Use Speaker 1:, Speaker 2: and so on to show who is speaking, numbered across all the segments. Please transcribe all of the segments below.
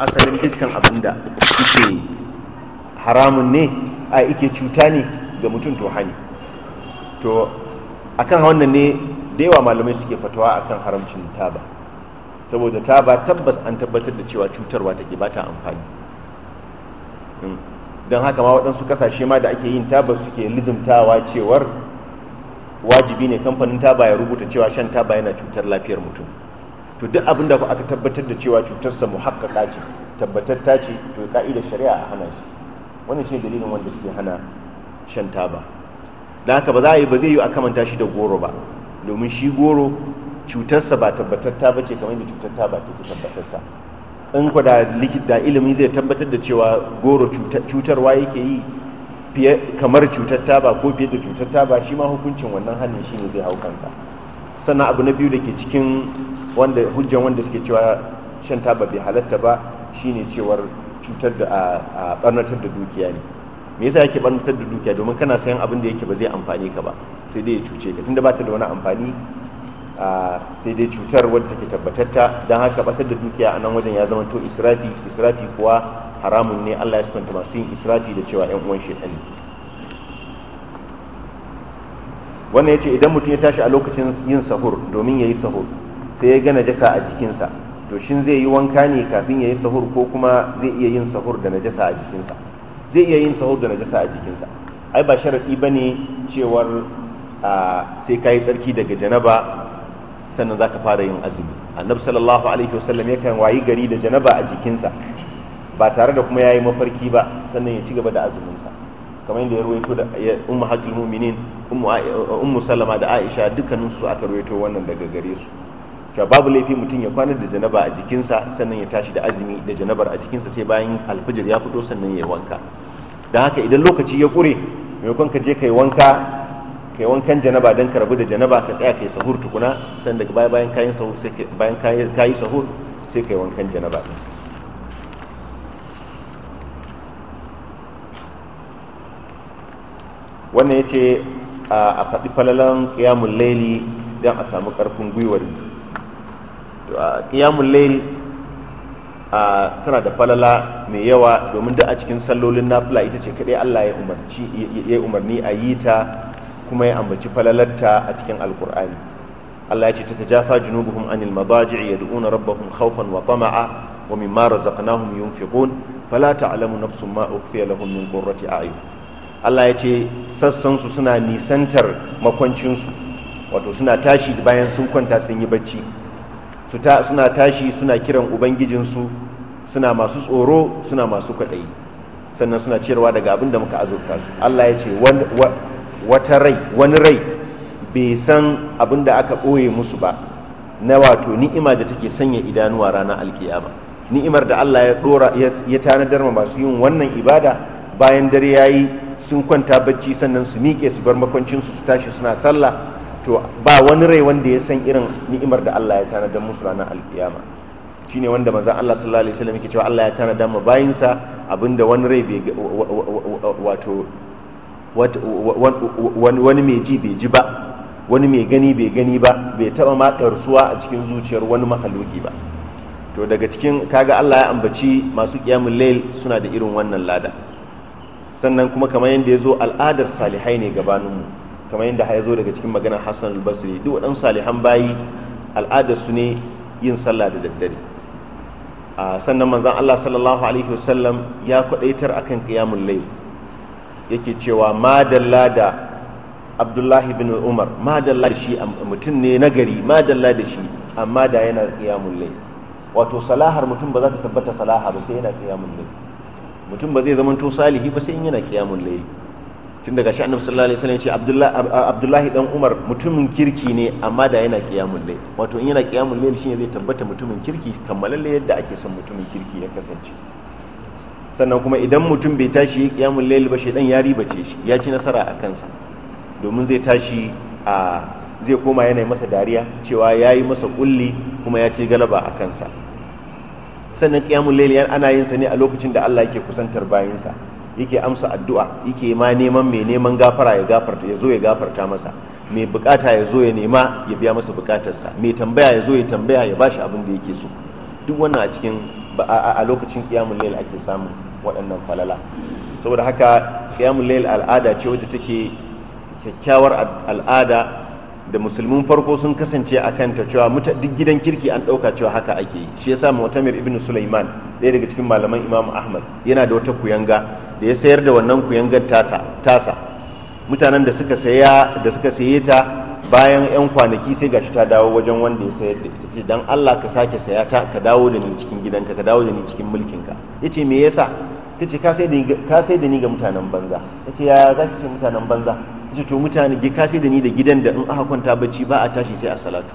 Speaker 1: asalin dukkan abin da ke haramun ne a ike cuta ne ga mutum to hani to akan wannan ne da yawa malamai suke fatawa akan haramcin taba saboda taba tabbas an tabbatar da cewa cutarwa ta ba ta amfani hmm. don haka ma waɗansu kasashe ma da ake yin taba suke lizimtawa cewar wajibi ne kamfanin taba ya rubuta cewa shan taba yana cutar lafiyar mutum to duk abin da aka tabbatar da cewa cutarsa muhakkaka ce tabbatatta ce to ka'idar shari'a a hana shi wannan shine dalilin wanda suke hana shan taba da haka ba za a yi ba zai yi a kamanta shi da goro ba domin shi goro cutarsa ba tabbatatta ba ce kamar da cutar taba take ta in ku da likita ilimi zai tabbatar da cewa goro cutarwa yake yi fiye kamar cutar taba ko fiye da cutar taba shi ma hukuncin wannan hannun shi ne zai hau kansa sannan abu na biyu da ke cikin wanda hujjan wanda suke cewa shan taba bai halatta ba shine cewar cutar da a barnatar da dukiya ne me yasa yake barnatar da dukiya domin kana sayan abin da yake ba zai amfani ka ba sai dai ya cuce ka tunda ba ta da wani amfani sai dai cutar wadda take tabbatatta don haka batar da dukiya a nan wajen ya zama to israfi israfi kuwa haramun ne Allah ya sukanta masu yin israfi da cewa yan uwan shaitan ne wannan ya ce idan mutum ya tashi a lokacin yin sahur domin ya yi sahur sai ya gana jasa a jikinsa to shin zai yi wanka ne kafin ya yi sahur ko kuma zai iya yin sahur da najasa a jikinsa zai iya yin sahur da najasa a jikinsa ai ba sharaɗi ba ne cewar sai ka yi tsarki daga janaba sannan za ka fara yin azumi annabi sallallahu alaihi wasallam yakan wayi gari da janaba a jikinsa ba tare da kuma ya yi mafarki ba sannan ya ci gaba da azuminsa kamar yadda ya ruwaito da ummu hajjul mu'minin ummu sallama da aisha dukkaninsu aka ruwaito wannan daga gare su cewa babu laifi mutum ya kwana da janaba a jikinsa sannan ya tashi da azumi da janabar a jikinsa sai bayan alfijir ya fito sannan ya wanka da haka idan lokaci ya kure maimakon ka je ka yi wanka kai wankan janaba don ka rabu da janaba ka tsaya yi sahur tukuna sannan daga baya bayan kayan sahur sai bayan kayi sahur sai kai wankan janaba wannan ya ce a faɗi falalan ƙiyamun laili don a samu ƙarfin gwiwar qiyamul layl tana da falala mai yawa domin da a cikin sallolin nafila ita ce kadai Allah ya umarci ya umarni a yi ta kuma ya ambaci falalarta a cikin alkur'ani Allah ya ce ta tajafa junubuhum anil mabaji yad'una rabbahum khawfan wa tama'a wa mimma razaqnahum yunfiqun fala ta'lamu nafsun ma ukhfiya lahum min qurrati a'yun Allah ya ce sassan su suna nisantar makwancinsu wato suna tashi bayan sun kwanta sun yi bacci suna tashi suna kiran ubangijinsu suna masu tsoro suna masu kwaɗayi sannan suna ciyarwa daga abin da muka azurta su allah ya ce wata rai wani rai bai san abin da aka ɓoye musu ba na wato ni'ima da take sanya idanuwa rana alkiyama ni'imar da allah ya ya tanadar ma masu yin wannan ibada bayan dare ya yi sun kwanta bacci sannan su miƙe su bar makwancinsu su tashi suna sallah to ba wani rai wanda ya san irin ni'imar da Allah ya tana da musu ranar alkiyama shine wanda manzon Allah sallallahu alaihi wasallam yake cewa Allah ya tanadar ma bayinsa abinda wani rai bai wani mai ji bai ji ba wani mai gani bai gani ba bai taba ma ɗarsuwa a cikin zuciyar wani mahaloki ba to daga cikin kaga Allah ya ambaci masu kiyamun lail suna da irin wannan lada sannan kuma kamar yadda ya zo al'adar salihai ne gabaninmu kamar yadda ya zo daga cikin maganar hassan albasri duk waɗansu salihan bayi al'adar su ne yin sallah da daddare sannan manzan allah sallallahu alaihi wasallam ya kwaɗaitar akan kiyamun layl yake cewa madalla da abdullahi bin umar madalla da shi mutum ne nagari madalla da shi amma da yana kiyamun layl wato salahar mutum ba za ta tabbata salaha ba sai yana kiyamun layl mutum ba zai zama to salihi ba sai yana kiyamun layl tun daga sha'anar sallallahu alaihi wasallam ce abdullahi dan umar mutumin kirki ne amma da yana qiyamul layl wato in yana qiyamul shi shine zai tabbata mutumin kirki kammalalle yadda ake son mutumin kirki ya kasance sannan kuma idan mutum bai tashi qiyamul layl ba shedan ya ribace shi ya ci nasara a kansa domin zai tashi a zai koma yanayi masa dariya cewa ya yi masa kulli kuma ya ce galaba a kansa sannan qiyamul layl ana yin sa ne a lokacin da Allah yake kusantar sa yake amsa addu'a yake ma neman mai neman gafara ya gafarta ya zo ya gafarta masa mai bukata ya zo ya nema ya biya masa bukatarsa mai tambaya ya zo ya tambaya ya bashi abin da yake so duk wannan a cikin a lokacin qiyamul layl ake samun waɗannan falala saboda haka qiyamul layl al'ada ce wadda take kyakkyawar al'ada da musulmin farko sun kasance a kanta cewa duk gidan kirki an ɗauka cewa haka ake yi shi yasa mutamir ibn sulaiman ɗaya daga cikin malaman imam ahmad yana da wata kuyanga da ya sayar da wannan kuyangar tasa mutanen da suka saya da suka saye ta bayan 'yan kwanaki sai gashi ta dawo wajen wanda ya sayar da ita ce dan Allah ka sake saya ta ka dawo da ni cikin gidanka ka dawo da ni cikin mulkinka ce me yasa ta ce ka sai da ni ga mutanen banza ya ce ya za ce mutanen banza ya ce to mutane ka sai da ni da gidan da in aka kwanta bacci ba a tashi sai a salatu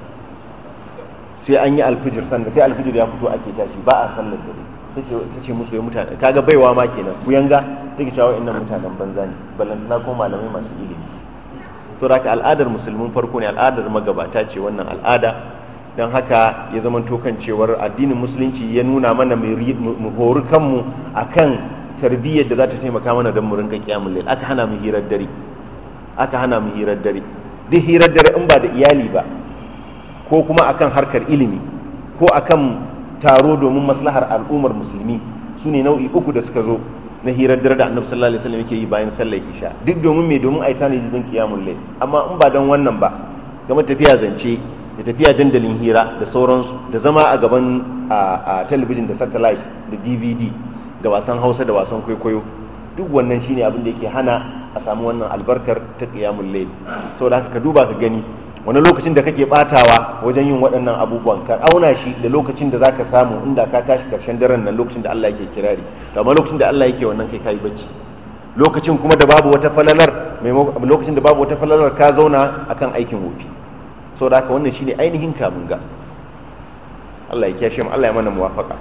Speaker 1: sai an yi alfijir sannan sai alfijir ya fito ake tashi ba a sallar dare ta ce musu ya mutane kaga baiwa ma kenan ku ta ke cewa wa'annan mutanen banza ne ballantana ko malamai masu ilimi to haka al'adar musulmin farko ne al'adar magabata ce wannan al'ada don haka ya zama tokan cewar addinin musulunci ya nuna mana mu hori kanmu akan tarbiyyar da za ta taimaka mana don mu rinka kiyamun lail aka hana mu hirar dare aka hana mu hirar dare duk hirar dare in ba da iyali ba ko kuma akan harkar ilimi ko akan taro domin maslahar al'ummar musulmi su ne nau'i uku da suka zo na hirar dare da annabi sallallahu alaihi wasallam yake yi bayan sallar isha duk domin me domin ai tanaji jin kiyamul layl amma in ba dan wannan ba game tafiya zance da tafiya dandalin hira da sauransu da zama a gaban a talabijin da satellite da dvd da wasan hausa da wasan kwaikwayo duk wannan shine abin da yake hana a samu wannan albarkar ta kiyamul layl saboda haka ka duba ka gani wani lokacin da kake batawa wajen yin waɗannan abubuwan ka auna shi da lokacin da zaka samu inda ka tashi karshen daren nan lokacin da Allah yake kirari to amma lokacin da Allah yake wannan kai kai bacci lokacin kuma da babu wata falalar lokacin da babu wata falalar ka zauna akan aikin wofi saboda haka wannan shine ainihin ga Allah ya kiyashe mu Allah ya mana muwafaka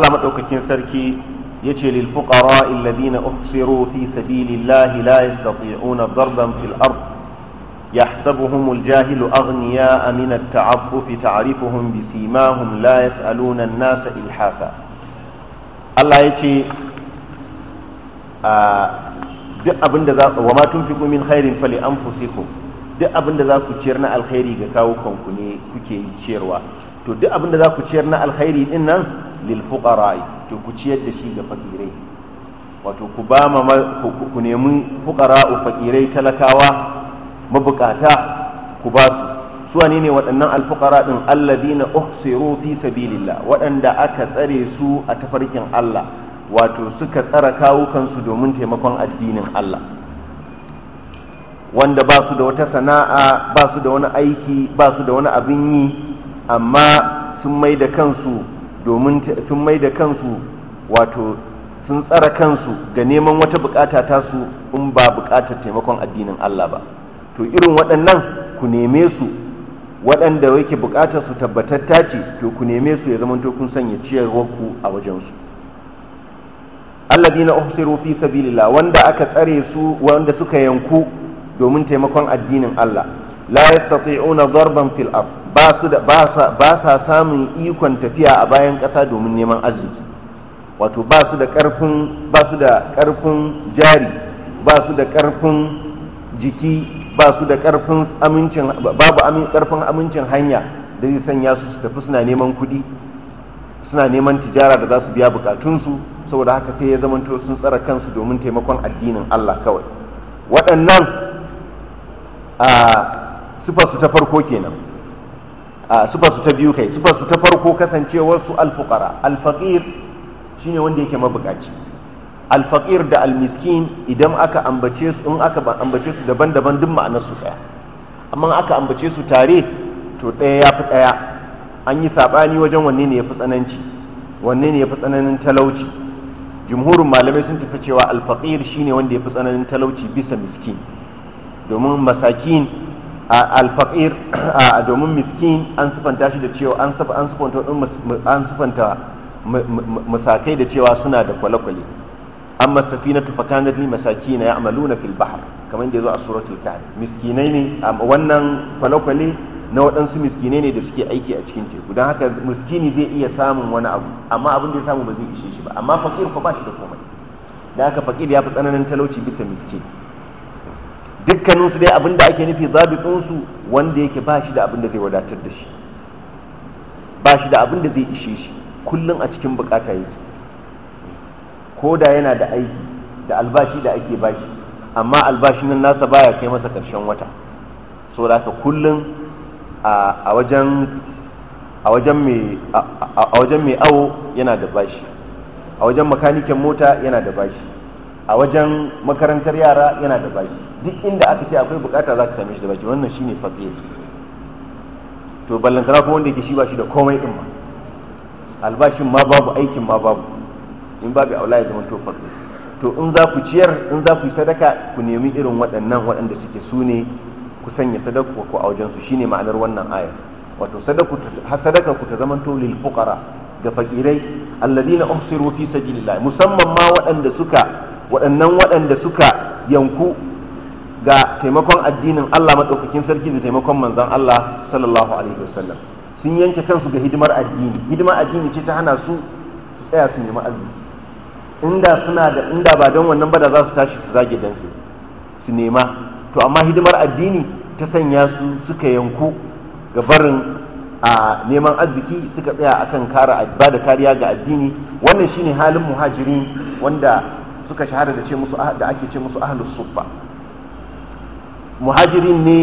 Speaker 1: Allah madaukakin sarki yace lil fuqara alladhina uhsiru fi sabilillahi la yastati'una darban fil ard يحسبهم الجاهل أغنياء من التعفف تعرفهم بسيماهم لا يسألون الناس إلحافا الله يتي duk abinda da za wa ma tunfiqu min khairin fali anfusikum duk abin za ku ciyar na alkhairi ga kawukan ku ne kuke ciyarwa to duk abin da za ku ciyar na alkhairi din nan lil fuqara'i to ku ciyar da shi ga fakirai wato ku ba ma ku nemi fuqara'u fakirai talakawa mabukata ku ba su su wane ne waɗannan alfuqara din alladina uhsiru fi sabilillah waɗanda aka tsare su a tafarkin Allah wato suka tsara kansu domin taimakon addinin Allah wanda ba su da wata sana'a ba su da wani aiki ba su da wani abin yi amma sun mai da kansu domin sun mai da kansu wato sun tsara kansu ga neman wata bukata tasu in ba bukatar taimakon addinin Allah ba to irin waɗannan ku neme su waɗanda yake bukatar su tabbatatta ce to ku neme su ya zamanto kun sanya ciyarwar ku a wajensu alladina ukhsiru fi sabilillah wanda aka tsare su wanda suka yanku domin taimakon addinin Allah la yastati'una darban fil ardh ba sa samun ikon tafiya a bayan ƙasa domin neman arziki wato ba su da ƙarfin ba su da ƙarfin jari ba su da ƙarfin jiki ba su da ƙarfin amincin babu amincin hanya da zai sanya su su tafi suna neman kuɗi suna neman tijara da za su biya bukatunsu saboda haka sai ya zamanto sun tsara kansu domin taimakon addinin Allah kawai waɗannan a su ta farko kenan Ah, sufar su ta biyu kai sufar ta farko kasancewar su alfakir shi shine wanda yake mabukaci alfakir da almiskin idan aka ambace su in aka ambace su daban-daban duk ma'anar su daya amma aka ambace su tare to ɗaya ya fi daya an yi sabani wajen wanne ne ya fi tsananci wanne ne ya fi tsananin talauci jumhurin malamai sun tafi cewa alfakir shine wanda ya fi tsananin talauci bisa miskin domin masakin a domin miskin an sufanta shi da cewa an sufanta musakai da cewa suna da kwale-kwale amma safina masaki na ya amalu na bahr kamar yadda zo a suratul kahf miskinai ne wannan kwale-kwale na waɗansu miskinai ne da suke aiki a cikin teku don haka miskini zai iya samun wani abu amma abin da ya samu ba zai ishe shi ba amma fakir ko ba shi da komai da haka fakir ya fi tsananin talauci bisa miskin dukkaninsu dai abin da ake nufi su wanda yake ba shi da abin da zai wadatar da shi ba shi da abin da zai ishe shi kullum a cikin bukata yake ko da yana da aiki da albashi da ake bashi amma albashin nan nasa baya kai masa karshen wata da ka kullum a wajen mai awo yana da bashi a wajen makanikin mota yana da bashi a wajen makarantar yara yana da bashi duk inda aka ce akwai bukata za ka same shi da baki wannan shine faqir to ballantana ko wanda yake shi ba shi da komai din ma albashin ma babu aikin ma babu in babu aula ya zama to faqir to in za ku ciyar in za ku yi sadaka ku nemi irin waɗannan waɗanda suke su ne ku sanya sadaka ku a wajen su shine ma'anar wannan ayar wato sadaka ku ta to lil fuqara ga fakirai alladina umsiru fi sabilillah musamman ma waɗanda suka waɗannan waɗanda suka yanku ga taimakon addinin Allah maɗaukakin sarki da taimakon manzon Allah sallallahu alaihi wasallam sun yanke kansu ga hidimar addini hidimar addini ce ta hana su su tsaya su nemi arziki inda suna da inda ba don wannan ba da za su tashi su zage dan su su nema to amma hidimar addini ta sanya su suka yanku ga barin a neman arziki suka tsaya akan kara ba da kariya ga addini wannan shine halin muhajirin wanda suka shahara da ce musu da ake ce musu ahlus suffa muhajirin ne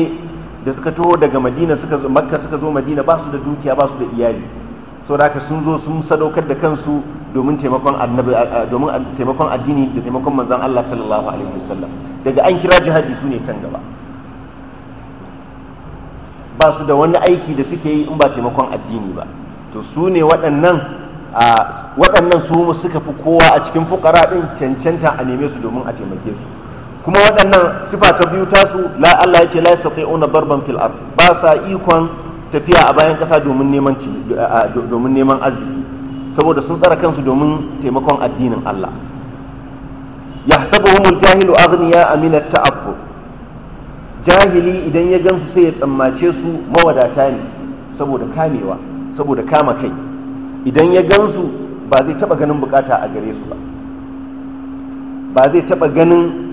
Speaker 1: da suka taho daga madina suka zo makka suka zo madina ba su da dukiya ba su da iyali so da haka sun zo sun sadaukar da kansu domin taimakon annabi domin taimakon addini da taimakon manzon Allah sallallahu alaihi wasallam daga an kira jihadi su ne kan gaba ba su da wani aiki da suke yi in ba taimakon addini ba to su ne waɗannan waɗannan su suka fi kowa a cikin fukara ɗin cancanta a neme su domin a taimake su kuma waɗannan sifa ta biyu tasu la Allah ya ce la una darban fil ard ba sa ikon tafiya a bayan kasa domin neman domin neman arziki saboda sun tsara kansu domin taimakon addinin Allah yahsabuhumul jahilu aghniya amina ta'affu jahili idan ya gansu sai ya tsammace su mawadata ne saboda kamewa saboda kama kai idan ya gansu ba zai taba ganin bukata a gare su ba ba zai taba ganin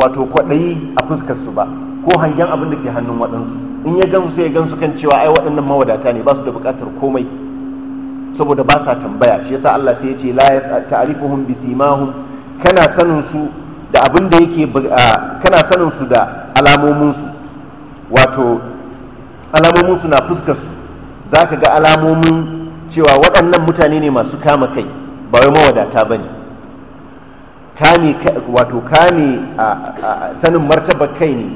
Speaker 1: wato kwaɗayi a fuskarsu ba ko hangen abin da ke hannun waɗansu in ya gansu sai ya gansu kan cewa ai waɗannan mawadata ne ba su da buƙatar komai saboda ba sa tambaya shi yasa Allah sai ya ce la ta'rifuhum simahum kana sanin su da abin da yake kana sanin su da alamomin su wato alamomin su na fuskar su zaka ga alamomin cewa waɗannan mutane ne masu kama kai ba wai mawadata bane kame wato kame sanin martabar kai ne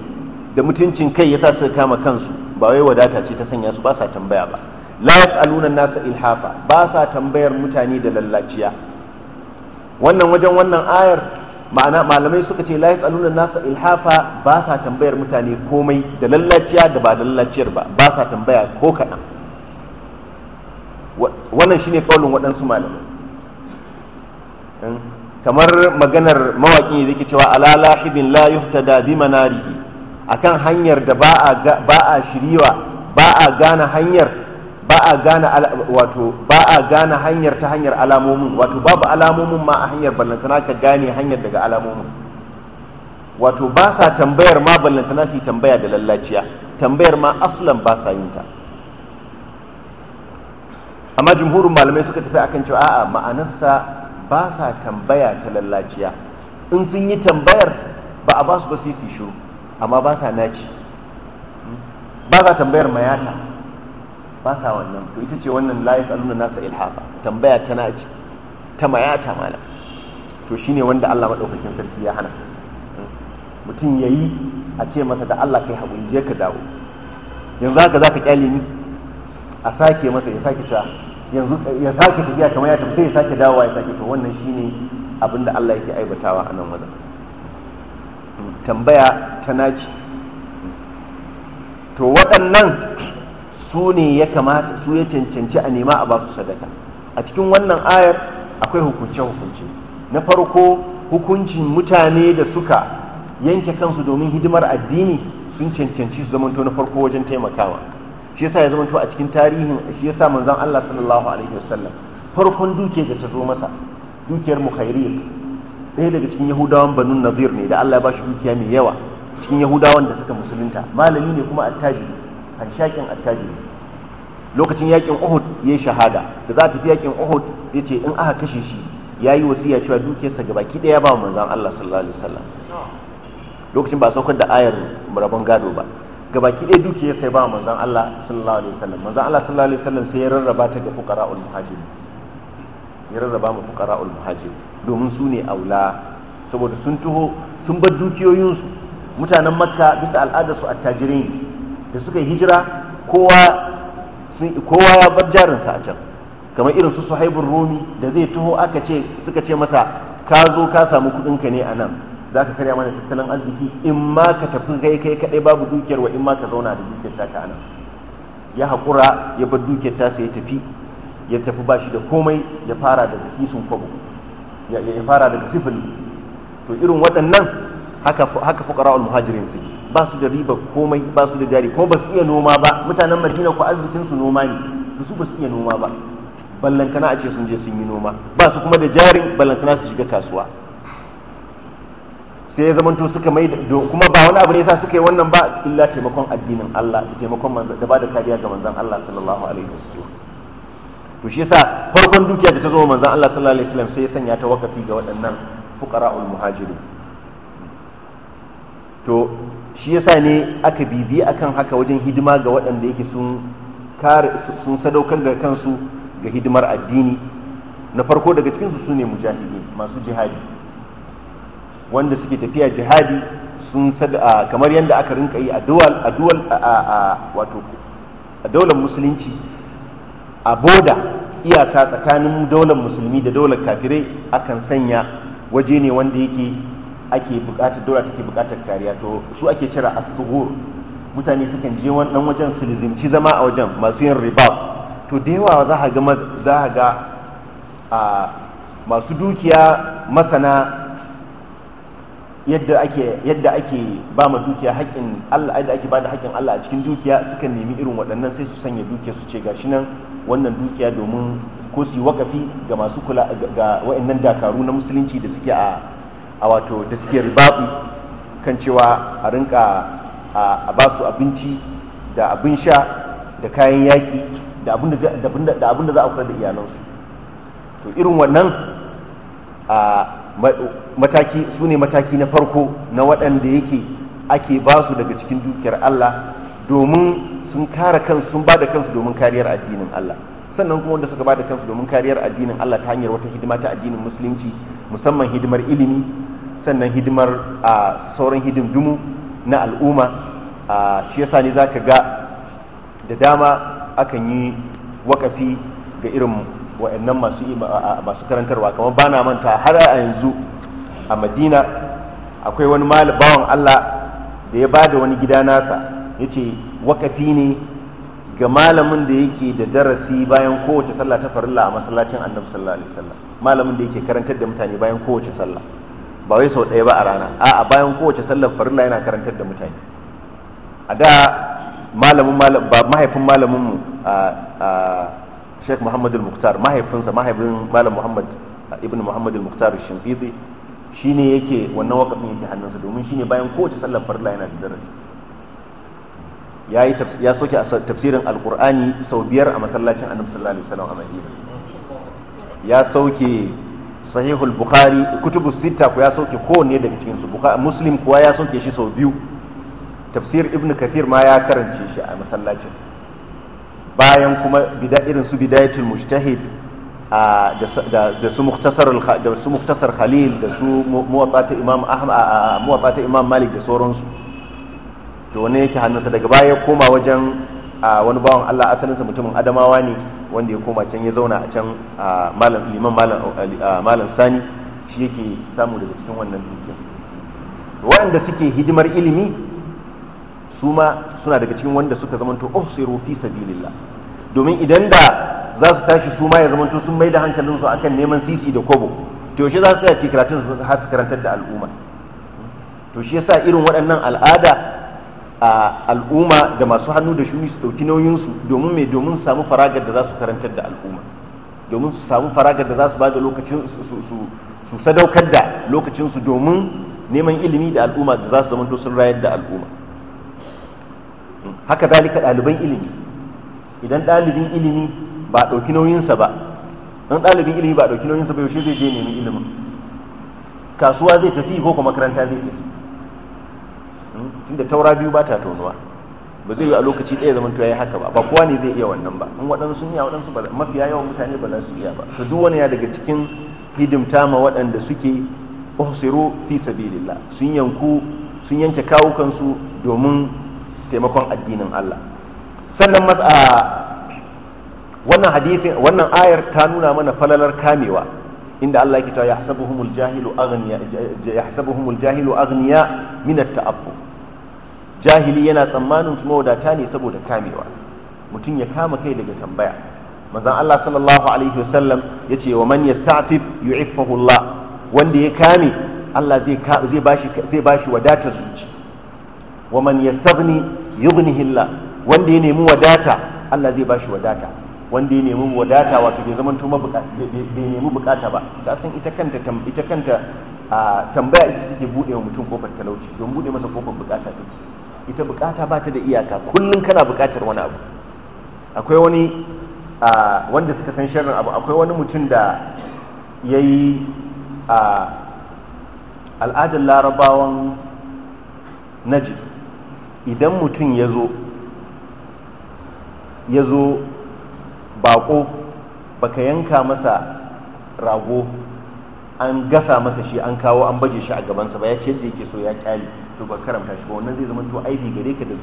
Speaker 1: da mutuncin kai yasa suka kama kansu ba wai wadata ce ta sanya su ba sa tambaya ba la yas'aluna nasa ilhafa ba sa tambayar mutane da lallaciya wannan wajen wannan ayar ma'ana malamai suka ce la yas'aluna nasa ilhafa ba sa tambayar mutane komai da lallaciya da ba da lallaciyar ba ba sa tambaya ko kaɗan wannan shine kaulin waɗansu malamai hmm? kamar maganar mawakin da yake cewa ala lahibin la yuhtada bi manarihi akan hanyar da ba a shiriwa ba a gane hanyar ba a gane wato ba a gane hanyar ta hanyar alamomin wato babu alamomin ma a hanyar ballantana ka gane hanyar daga alamomin wato ba sa tambayar ma ballantana su tambaya da lallaciya tambayar ma aslan ba sa yin ta amma jumhurin malamai suka tafi akan cewa a'a ma'anarsa ba sa tambaya ta lallaciya in sun yi tambayar ba a ba su ba yi su shiru amma ba sa naci ba sa tambayar mayata ba sa wannan to ita ce wannan la yasaluna nasa ilhafa tambaya ta naci ta mayata mana. to shine wanda Allah maɗaukakin sarki ya hana mutum ya yi a ce masa da Allah kai haƙuri je ka dawo yanzu haka za ka ƙyale ni a sake masa ya sake ta? yanzu ya sake tafiya kamar ya tafi sai ya sake dawowa ya sake to wannan shine abinda Allah yake aibatawa a nan wajen tambaya ta naci to waɗannan su ne ya kamata su ya cancanci a nema a basu sadaka a cikin wannan ayar akwai hukunce-hukunce na farko hukuncin mutane da suka yanke kansu domin hidimar addini sun cancanci su zamanto na farko wajen taimakawa shi yasa ya zama to a cikin tarihin shi yasa manzon Allah sallallahu alaihi wasallam farkon duke da ta zo masa dukiyar mukhairir ɗaya daga cikin yahudawan banu nazir ne da Allah ya bashi dukiya mai yawa cikin yahudawan da suka musulunta malami ne kuma attajiri hanshakin attajiri lokacin yakin Uhud ya shahada da za ta fi yakin Uhud ya ce in aka kashe shi ya yi wasiya cewa dukiyarsa gabaki ɗaya ba manzon Allah sallallahu alaihi wasallam lokacin ba saukar da ayar rabon gado ba gabaki ɗaya ya sai ba manzan Allah sallallahu alaihi wasallam manzan Allah sallallahu alaihi wasallam sai ya rarraba ta ga ul muhajir ya rarraba mu ul muhajir domin su ne aula saboda sun taho sun bar dukiyoyinsu mutanen makka bisa al'adar su attajirin da suka yi hijira kowa sun kowa ya bar jarinsa a can kamar irin su suhaibul rumi da zai taho aka ce suka ce masa ka zo ka samu kuɗinka ne a nan za ka karya mana tattalin arziki in ma ka tafi kai kai kaɗai babu dukiyar wa in ma ka zauna da dukiyar ta kana ya haƙura ya bar dukiyar ta sai ya tafi ya tafi bashi da komai ya fara daga sisin kwabo ya fara daga sifili to irin waɗannan haka haka fuqara al muhajirin su ba su da riba komai ba su da jari ko ba su iya noma ba mutanen madina ko arzikin su noma ne ba su ba su iya noma ba ballantana a ce sun je sun yi noma ba su kuma da jarin ballantana su shiga kasuwa sai ya zamanto suka mai kuma ba wani abu ne sa suka yi wannan ba illa taimakon addinin Allah da taimakon manzo da bada kariya ga manzon Allah sallallahu alaihi wasallam to shi yasa farkon dukiya da ta zo manzon Allah sallallahu alaihi wasallam sai ya sanya ta wakafi ga waɗannan fuqara'ul muhajirin to shi yasa ne aka bibi akan haka wajen hidima ga waɗanda yake sun kare sun sadaukar da kansu ga hidimar addini na farko daga cikinsu su ne mujahidi masu jihadi wanda suke tafiya jihadi sun kamar yadda aka rinka yi a duwal a daular musulunci a boda iyaka tsakanin daular musulmi da daular kafirai akan sanya waje ne wanda yake ake bukatar daular take bukatar kariya to su ake cira a mutane sukan je wannan wajen su lizimci zama a wajen masu yin ribab to da yawa za a ga masu dukiya masana yadda ake yadda ake ba ma dukiya haƙƙin Allah yadda ake da haƙƙin Allah a cikin dukiya suka nemi irin waɗannan sai su sanya dukiya su ce gashi nan wannan dukiya domin ko su yi wakafi ga masu kula ga waɗannan dakaru na musulunci da suke a a wato da suke ribabi kan cewa a rinka a ba su abinci da abin sha da kayan yaƙi da abin da za a kula da iyalansu to irin wannan a mataki su ne mataki na farko na waɗanda yake ake ba su daga cikin dukiyar Allah domin sun kare kansu sun ba da kansu domin kariyar addinin Allah sannan kuma wanda suka ba da kansu domin kariyar addinin Allah ta hanyar wata hidima ta addinin musulunci musamman hidimar ilimi sannan hidimar a sauran na al'umma a shi yasa ne za ka ga da dama akan yi wakafi ga irin wa'annan masu masu karantarwa kamar bana manta har a yanzu a madina akwai wani bawan allah da ya bada wani gida nasa ya ce wakafi ne ga malamin da yake da darasi bayan kowace sallah ta farilla a masallacin annabi sallallahu alaihi wasallam malamin da yake karantar da mutane bayan kowace sallah ba wai sau ɗaya ba a rana a bayan kowace sallah farilla yana karantar da mutane a da malamin ba mahaifin malamin mu a sheikh muhammad al-muqtar mahaifinsa mahaifin malam muhammad uh, ibn muhammad al-muqtar shimfidi shi ne yake wannan wakafin yake hannunsa domin shi ne bayan kowace sallar farla yana da darasi ya ya soke tafsirin al al-qur'ani sau biyar a masallacin annabi sallallahu alaihi wasallam a madina ya soke sahihul bukhari kutubu sita ku ya sauke kowanne daga cikin su muslim kuwa ya soke shi sau biyu tafsir ibn kathir ma ya karance shi a masallacin bayan kuma irin su bidayatul mujtahid da su muktasar khalil da su muwatta imam malik da sauransu to wani yake hannunsa daga baya koma wajen wani bawan allah asalinsa mutumin adamawa ne wanda ya koma can ya zauna a can liman malam sani shi yake samu daga cikin wannan dukiya waɗanda suke hidimar ilimi su ma suna daga cikin wanda suka zamanto sai rufi sabilillah domin idan da za su tashi su ma ya zamanto sun mai da hankalin su akan neman sisi da kobo to yaushe za su tsaya su karatun har su karantar da al'umma to shi yasa irin waɗannan al'ada a al'umma da masu hannu da shuni su ɗauki nauyinsu domin mai domin su samu faragar da za su karantar da al'umma domin su samu faragar da za su bada lokacin su sadaukar da lokacinsu domin neman ilimi da al'umma da za su zamanto sun rayar da al'umma haka zalika ɗaliban ilimi idan ɗalibin ilimi ba a ɗauki nauyinsa ba don ɗalibin ilimi ba a ɗauki nauyinsa ba yaushe zai je nemi ilimin kasuwa zai tafi ko kuma makaranta zai tafi hmm? tunda taura biyu ba ta tonuwa ba zai yi a lokaci ɗaya zaman ya yi haka ba ba kowa ne zai iya wannan ba in waɗansu sun iya waɗansu ba mafiya yawan mutane ba za su iya ba to duk wani ya daga cikin hidimta ma waɗanda suke ohsiru fi sabilillah sun yanku sun yanke kawukansu domin taimakon addinin Allah sannan wannan hadithin wannan ayar ta nuna mana falalar kamewa inda Allah yake ta yahsabuhumul jahilu aghniya yahsabuhumul jahilu aghniya min at jahili yana tsammanin su mawadata ne saboda kamewa mutum ya kama kai daga tambaya manzon Allah sallallahu alaihi wasallam yace wa man yasta'fif yu'iffahu Allah wanda ya kame Allah zai bashi wadatar zuci wa man yastaghni yughnihillah wanda ya nemi wadata Allah zai bashi wadata wanda ya nemi wadata wato bai zaman tuma bai nemi bukata ba ka san ita kanta ita kanta tambaya ita take bude wa mutum kofar talauci don bude masa kofar bukata take ita bukata ba ta da iyaka kullum kana bukatar wani abu akwai wani wanda suka san sharrin abu akwai wani mutum da ya yi al'adar larabawan najid idan mutum ya zo ya zo bako baka yanka masa rago an gasa masa shi an kawo an baje shi a gabansa ba ya ce yadda yake so ya kyale to ba karanta shi ba wannan zai zama to aibi gare ka da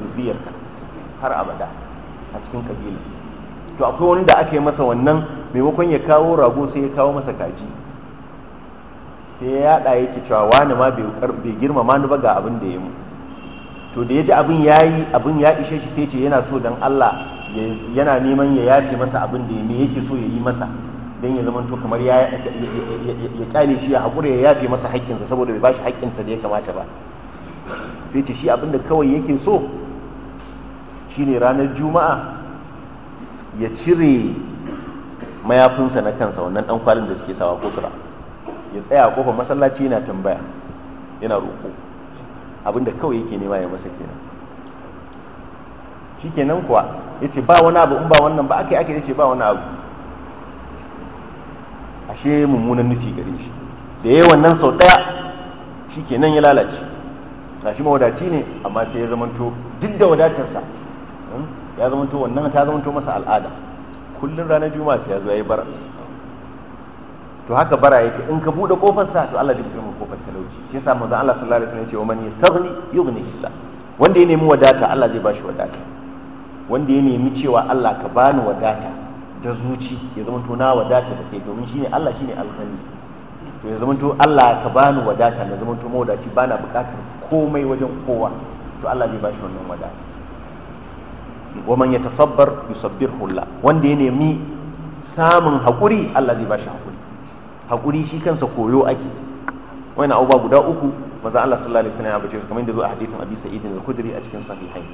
Speaker 1: ka har abada a cikin kabila to akwai wani da aka yi masa wannan maimakon ya kawo rago sai ya kawo masa kaji sai ya yada yake cewa wani ma bai girmama ni ba ga abin da ya mu to da ya ji abin ya yi abin ya ishe shi sai ce yana so don Allah yana neman ya yafe masa abin da me yake so ya yi masa don ya zama to kamar ya kyale shi ya haƙura ya yafe masa haƙƙinsa saboda bai ba shi haƙƙinsa da ya kamata ba sai ce shi abin da kawai yake so shine ranar juma'a ya cire mayafinsa na kansa wannan ɗan kwalin da suke sawa kotura ya tsaya a kofar masallaci yana tambaya yana roƙo abinda kawai yake nema ya masa kenan shikenan kuwa yace ba wani abu in ba wannan ba akai akai yace ba wani abu ashe mummunan nufi gare shi da yayi wannan sau daya shikenan ya lalace gashi mawadaci ne amma sai ya zamanto duk da wadatarsa hmm, ya zamanto wannan ta zamanto masa al'ada kullun ranar juma'a sai ya zo ya yi to haka bara yake in ka bude kofar sa to Allah zai bude maka kofar talauci shi yasa manzo Allah sallallahu alaihi wasallam ya ce wa man yastaghni yughnihi Allah wanda ya nemi wadata Allah zai bashi wadata wanda ya nemi cewa Allah ka bani wadata da zuci ya zama to na wadata da kai domin shine Allah shine alghani to ya zama to Allah ka bani wadata na zama to mawadaci bana bukatar komai wajen kowa to Allah zai bashi wannan wadata wa man yatasabbar yusabbirhu Allah wanda ya nemi samun hakuri Allah zai bashi hakuri hakuri shi kansa koyo ake wani abubuwa guda uku maza Allah sallallahu alaihi wasallam ya bace su kamar yadda zo a hadithin Abi Sa'id al-Khudri a cikin sahihain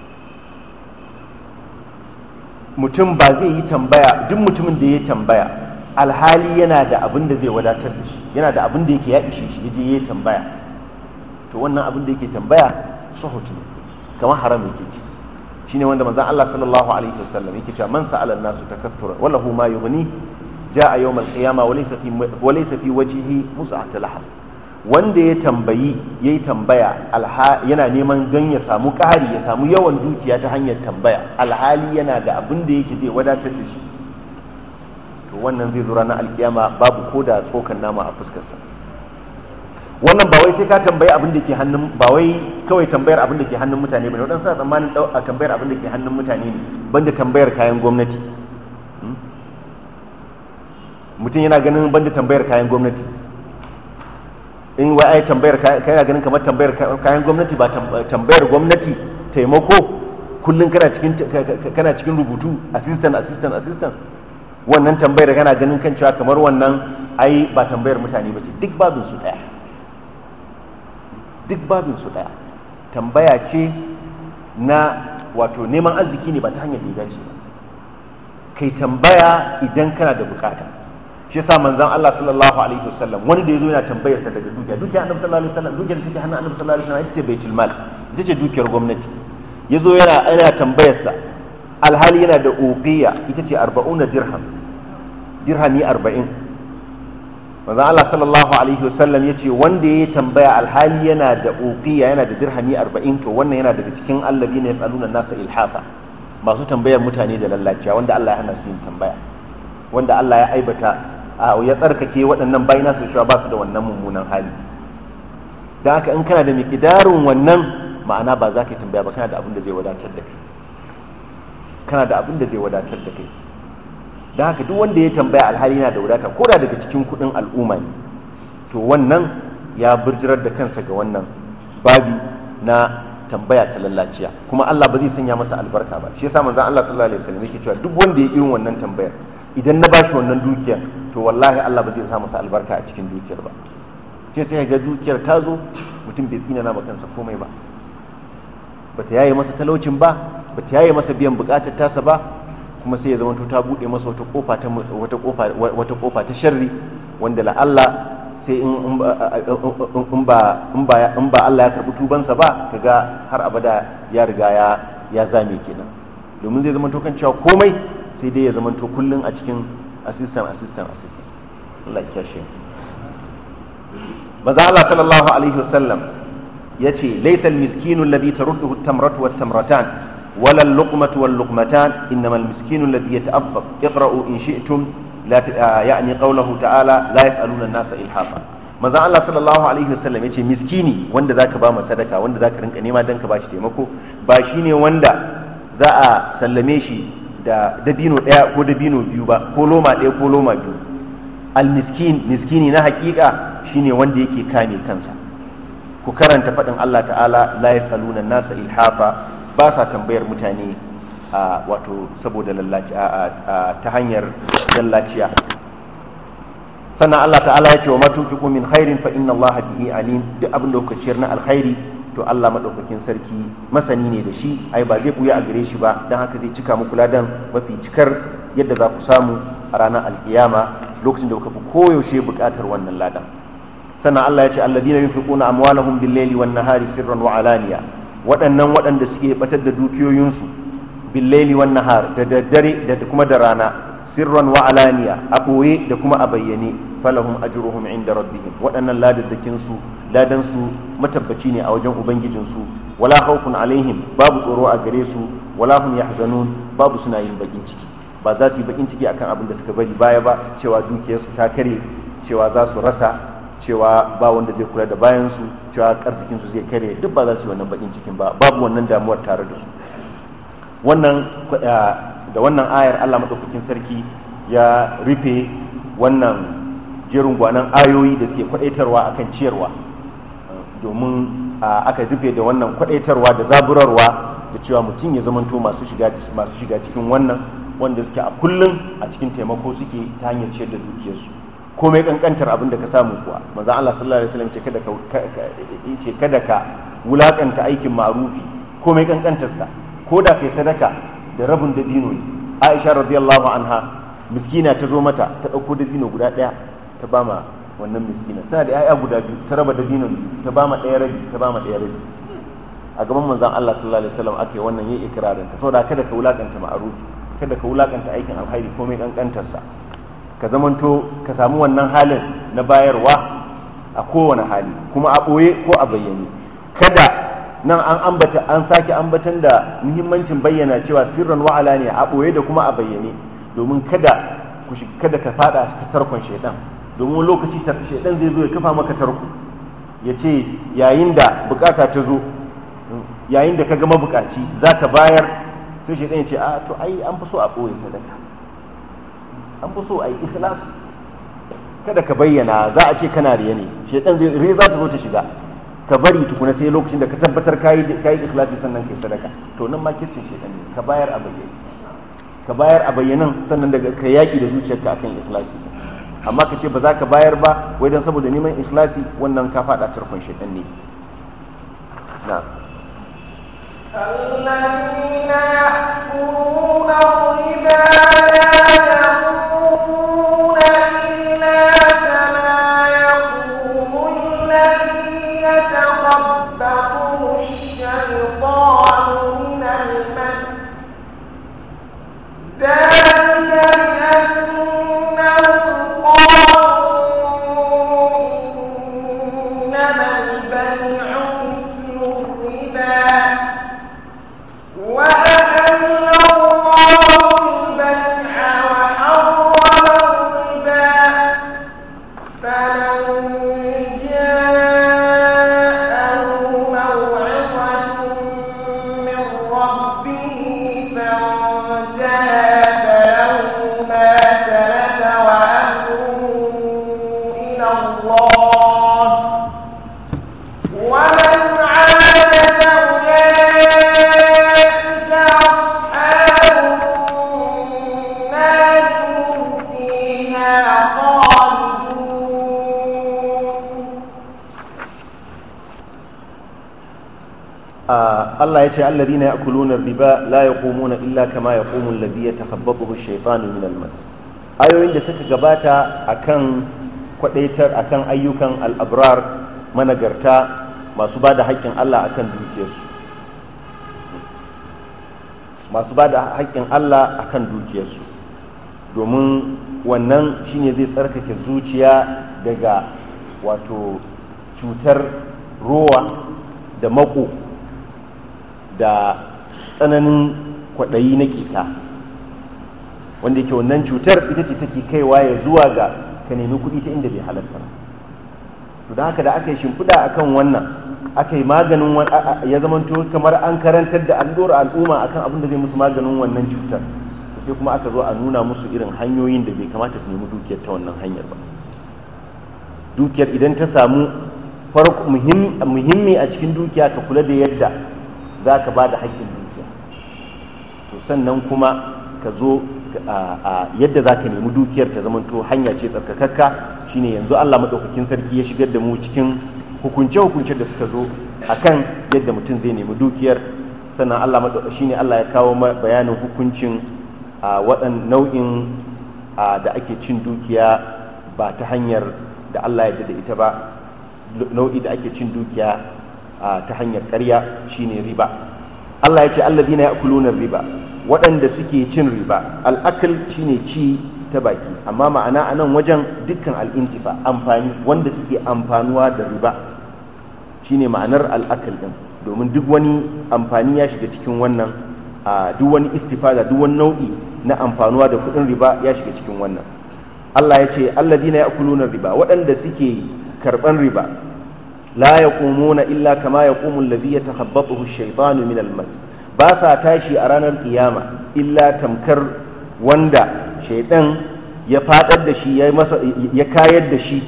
Speaker 1: mutum ba zai yi tambaya duk mutumin da ya tambaya alhali yana da abin da zai wadatar da shi yana da abin da yake ya ishe shi yaje yayi tambaya to wannan abin da yake tambaya suhutu ne kamar haram yake ci shine wanda manzon Allah sallallahu alaihi wasallam yake cewa man sa'ala an-nasu takaththuran wallahu ma yughni ja'a yawmal qiyama walaysa fi walaysa fi wajhihi mus'at lahab wanda ya tambayi ya yi tambaya yana neman gan ya samu ƙari ya samu yawan dukiya ta hanyar tambaya alhali yana da abin da yake zai wadatar da shi to wannan zai zura na alkiyama babu ko da tsokan nama a fuskarsa wannan ba wai sai ka tambayi abin da ke hannun ba wai kawai tambayar abin da ke hannun mutane bane suna tsammanin a tambayar abin da ke hannun mutane ne banda tambayar kayan gwamnati mutum yana ganin banda tambayar kayan gwamnati in wai ai tambayar yana ganin kamar tambayar kayan gwamnati ba tambayar gwamnati taimako kullum kana cikin kana cikin rubutu assistant assistant assistant wannan tambayar kana ganin kan cewa kamar wannan ai ba tambayar mutane ba ce duk babin su daya duk babin su daya tambaya ce na wato neman arziki ne ba ta hanyar da ya dace ba kai tambaya idan kana da bukata shi yasa manzon Allah sallallahu alaihi wasallam wani da yazo yana tambayar sa daga dukiya dukiya annabi sallallahu alaihi wasallam dukiyar take hannun annabi sallallahu alaihi wasallam ita ce baitul mal ita ce dukiyar gwamnati yazo yana yana tambayar sa alhali yana da uqiya ita ce 40 dirham dirhami 40 manzon Allah sallallahu alaihi wasallam yace wanda ya tambaya alhali yana da uqiya yana da dirhami 40 to wannan yana daga cikin alladhina yasaluna nasa ilhafa masu tambayar mutane da lallaciya wanda Allah ya hana su yin tambaya wanda Allah ya aibata ya tsarkake waɗannan bayina su cewa ba su da wannan mummunan hali don haka in kana da miƙidarin wannan ma'ana ba za ka yi tambaya ba kana da abin da zai wadatar da kai kana da abin da zai wadatar da kai don haka duk wanda ya tambaya alhali na da wadata ko da daga cikin kuɗin al'umma ne to wannan ya birjirar da kansa ga wannan babi na tambaya ta lallaciya kuma Allah ba zai sanya masa albarka ba shi yasa manzon Allah sallallahu alaihi wasallam yake cewa duk wanda ya irin wannan tambayar idan na bashi wannan dukiyar to wallahi Allah ba zai sa masa albarka a cikin dukiyar ba sai sai ga dukiyar ta zo mutum bai tsina ba kansa komai ba ba ta yaye masa talaucin ba ba bata yaye masa biyan bukatar tasa ba kuma sai ya zama ta bude masa wata kofa ta wata kofa wata kofa ta sharri wanda la Allah sai in ba in ba in ba Allah ya karbi tubansa ba kaga har abada ya riga ya ya zame kenan domin zai zama to kan cewa komai sai dai ya zama to kullun a cikin assistant assistant assistant Allah ya kyashe manzo Allah sallallahu alaihi wasallam yace laysa al-miskinu alladhi tarudduhu tamratu wat-tamratan wala al-luqmatu wal-luqmatan innamal miskinu alladhi yata'affaf iqra'u in shi'tum la ah, ya'ni qawluhu ta'ala la yas'aluna an-nasa ilhafa maza Allah sallallahu alaihi wasallam yace miskini wanda zaka ba masa sadaka wanda zaka rinka nema dan ka bashi taimako ba shine wanda za a sallame shi da dabino ɗaya ko dabino biyu ba ko loma ɗaya ko loma biyu almiskin miskini na hakika shine wanda yake kame kansa ku karanta faɗin Allah ta'ala la yasaluna nasa ilhafa ba sa tambayar mutane a wato saboda lallaci ta hanyar lallaciya sannan Allah ta'ala ya ce wa matufiqu min khairin fa inna Allah bihi alim duk abin da kuka ciyar na alkhairi to Allah maɗaukakin sarki masani ne da shi ai ba zai buya a gare shi ba don haka zai cika muku ladan mafi cikar yadda za ku samu a ranar alkiyama lokacin da kuka fi koyaushe buƙatar wannan ladan sannan Allah ya ce alladina yunfiquna amwalahum billayli wan-nahari sirran wa alaniya waɗannan waɗanda suke batar da dukiyoyinsu billayli wan-nahar da daddare da kuma da rana sirran wa alaniya a ɓoye da kuma a bayyane falahum ajruhum inda rabbihim waɗannan ladaddakin su ladan su matabbaci ne a wajen ubangijin su wala alaihim babu tsoro a gare su wala hum yahzanun babu suna yin bakin ciki ba za su yi bakin ciki akan abin da suka bari baya ba cewa dukiyarsu ta kare cewa za su rasa cewa ba wanda zai kula da bayan su cewa arzikin su zai kare duk ba za su yi wannan bakin cikin ba babu wannan damuwar tare da su wannan eh, da wannan ayar Allah madaukakin sarki ya rufe wannan jerin gwanan ayoyi da suke kwadaitarwa akan ciyarwa domin aka rufe da wannan kwadaitarwa da zaburarwa da cewa mutum ya zamanto masu shiga masu shiga cikin wannan wanda suke a kullum a cikin taimako suke ta hanyar ciyar da dukiyarsu komai kankantar abin da ka samu kuwa manzo Allah sallallahu alaihi wasallam ce kada ka ce kada ka wulakanta aikin ma'rufi komai kankantar sa ko da kai sadaka da rabin dabino ne Aisha radiyallahu anha miskina ta zo mata ta dauko dabino guda daya ta bama wannan miskina tana da ya'ya guda biyu ta raba dabinon ta ba ma ɗaya rabi ta ba ma ɗaya rabi a gaban manzon Allah sallallahu alaihi wasallam aka yi wannan yayi ikrarin ta saboda kada ka wulakanta ma'arufi kada ka wulakanta aikin mai komai sa ka zamanto ka samu wannan halin na bayarwa a kowane hali kuma a ɓoye ko a bayyane kada nan an ambata an sake ambatan da muhimmancin bayyana cewa sirran wa'ala ne a ɓoye da kuma a bayyane domin kada kada ka fada tarkon shaiɗan. domin lokaci ta shaidan zai zo ya kafa maka tarku ya ce yayin da bukata ta zo yayin da ka ga mabukaci za ka bayar sai shaidan ya ce a to ai an fi so a ɓoye sadaka an fi so a yi ikhlas kada ka bayyana za a ce kana riya ne shaidan zai riya za ta zo ta shiga ka bari tukuna sai lokacin da ka tabbatar ka yi ikhlas sannan kai sadaka to nan ma kirkin shaidan ne ka bayar a bayyana ka bayar a bayyanan sannan daga ka yaki da zuciyarka akan ikhlasi amma ka ce ba za ka bayar ba wai don saboda neman ikhlasi wannan ka faɗa tarkon shaitan ne na ce alladhina ya'kuluna riba la ya komo na illa kama ya yaqumu alladhi yatakhabbathu ash-shaytanu min al ayoyin da suka gabata akan kwadaitar akan ayyukan al'abrar managarta masu ba da haƙƙin Allah akan dukiyarsu masu da haƙƙin Allah akan dukiyarsu domin wannan shine zai tsarkake zuciya daga wato cutar rowa da mako da tsananin kwaɗayi na ƙita wanda yake wannan cutar ita ce take kaiwa ya zuwa ga ka nemi kuɗi ta inda bai halatta ba to don haka da aka yi shimfiɗa akan wannan aka yi maganin ya zamanto kamar an karantar da an al'umma akan abin da zai musu maganin wannan cutar sai kuma aka zo a nuna musu irin hanyoyin da bai kamata su nemi dukiyar ta wannan hanyar ba dukiyar idan ta samu farko muhimmi a cikin dukiya ka kula da yadda za ka ba da haƙƙin dukiya to sannan kuma ka zo yadda za ka nemi dukiyar ta zamanto hanya ce tsarkakakka shine yanzu allah maɗaukakin sarki ya shigar da mu cikin hukunce-hukunce da suka zo akan yadda mutum zai nemi dukiyar sannan allah maɗaukakin shine allah ya kawo bayanin hukuncin waɗan nau'in da ake cin dukiya ba ta hanyar da allah ya da ita ba nau'i da ake cin dukiya ta hanyar ƙarya shine riba Allah ya ce alladhina ya'kuluna riba waɗanda suke cin riba al'akal shine ci ta baki amma ma'ana a nan wajen dukkan al'intifa amfani wanda suke amfanuwa da riba shine ma'anar al'akal ɗin domin duk wani amfani ya shiga cikin wannan duk wani istifada duk wani nau'i na amfanuwa da kuɗin riba ya shiga cikin wannan Allah ya ce alladina ya'kuluna riba waɗanda suke karɓan riba la na illa kama yaqumu alladhi yatakhabbathu ash-shaytanu min al-mas ba sa tashi a ranar kiyama illa tamkar wanda shaiɗan ya fadar da shi ya kayar da shi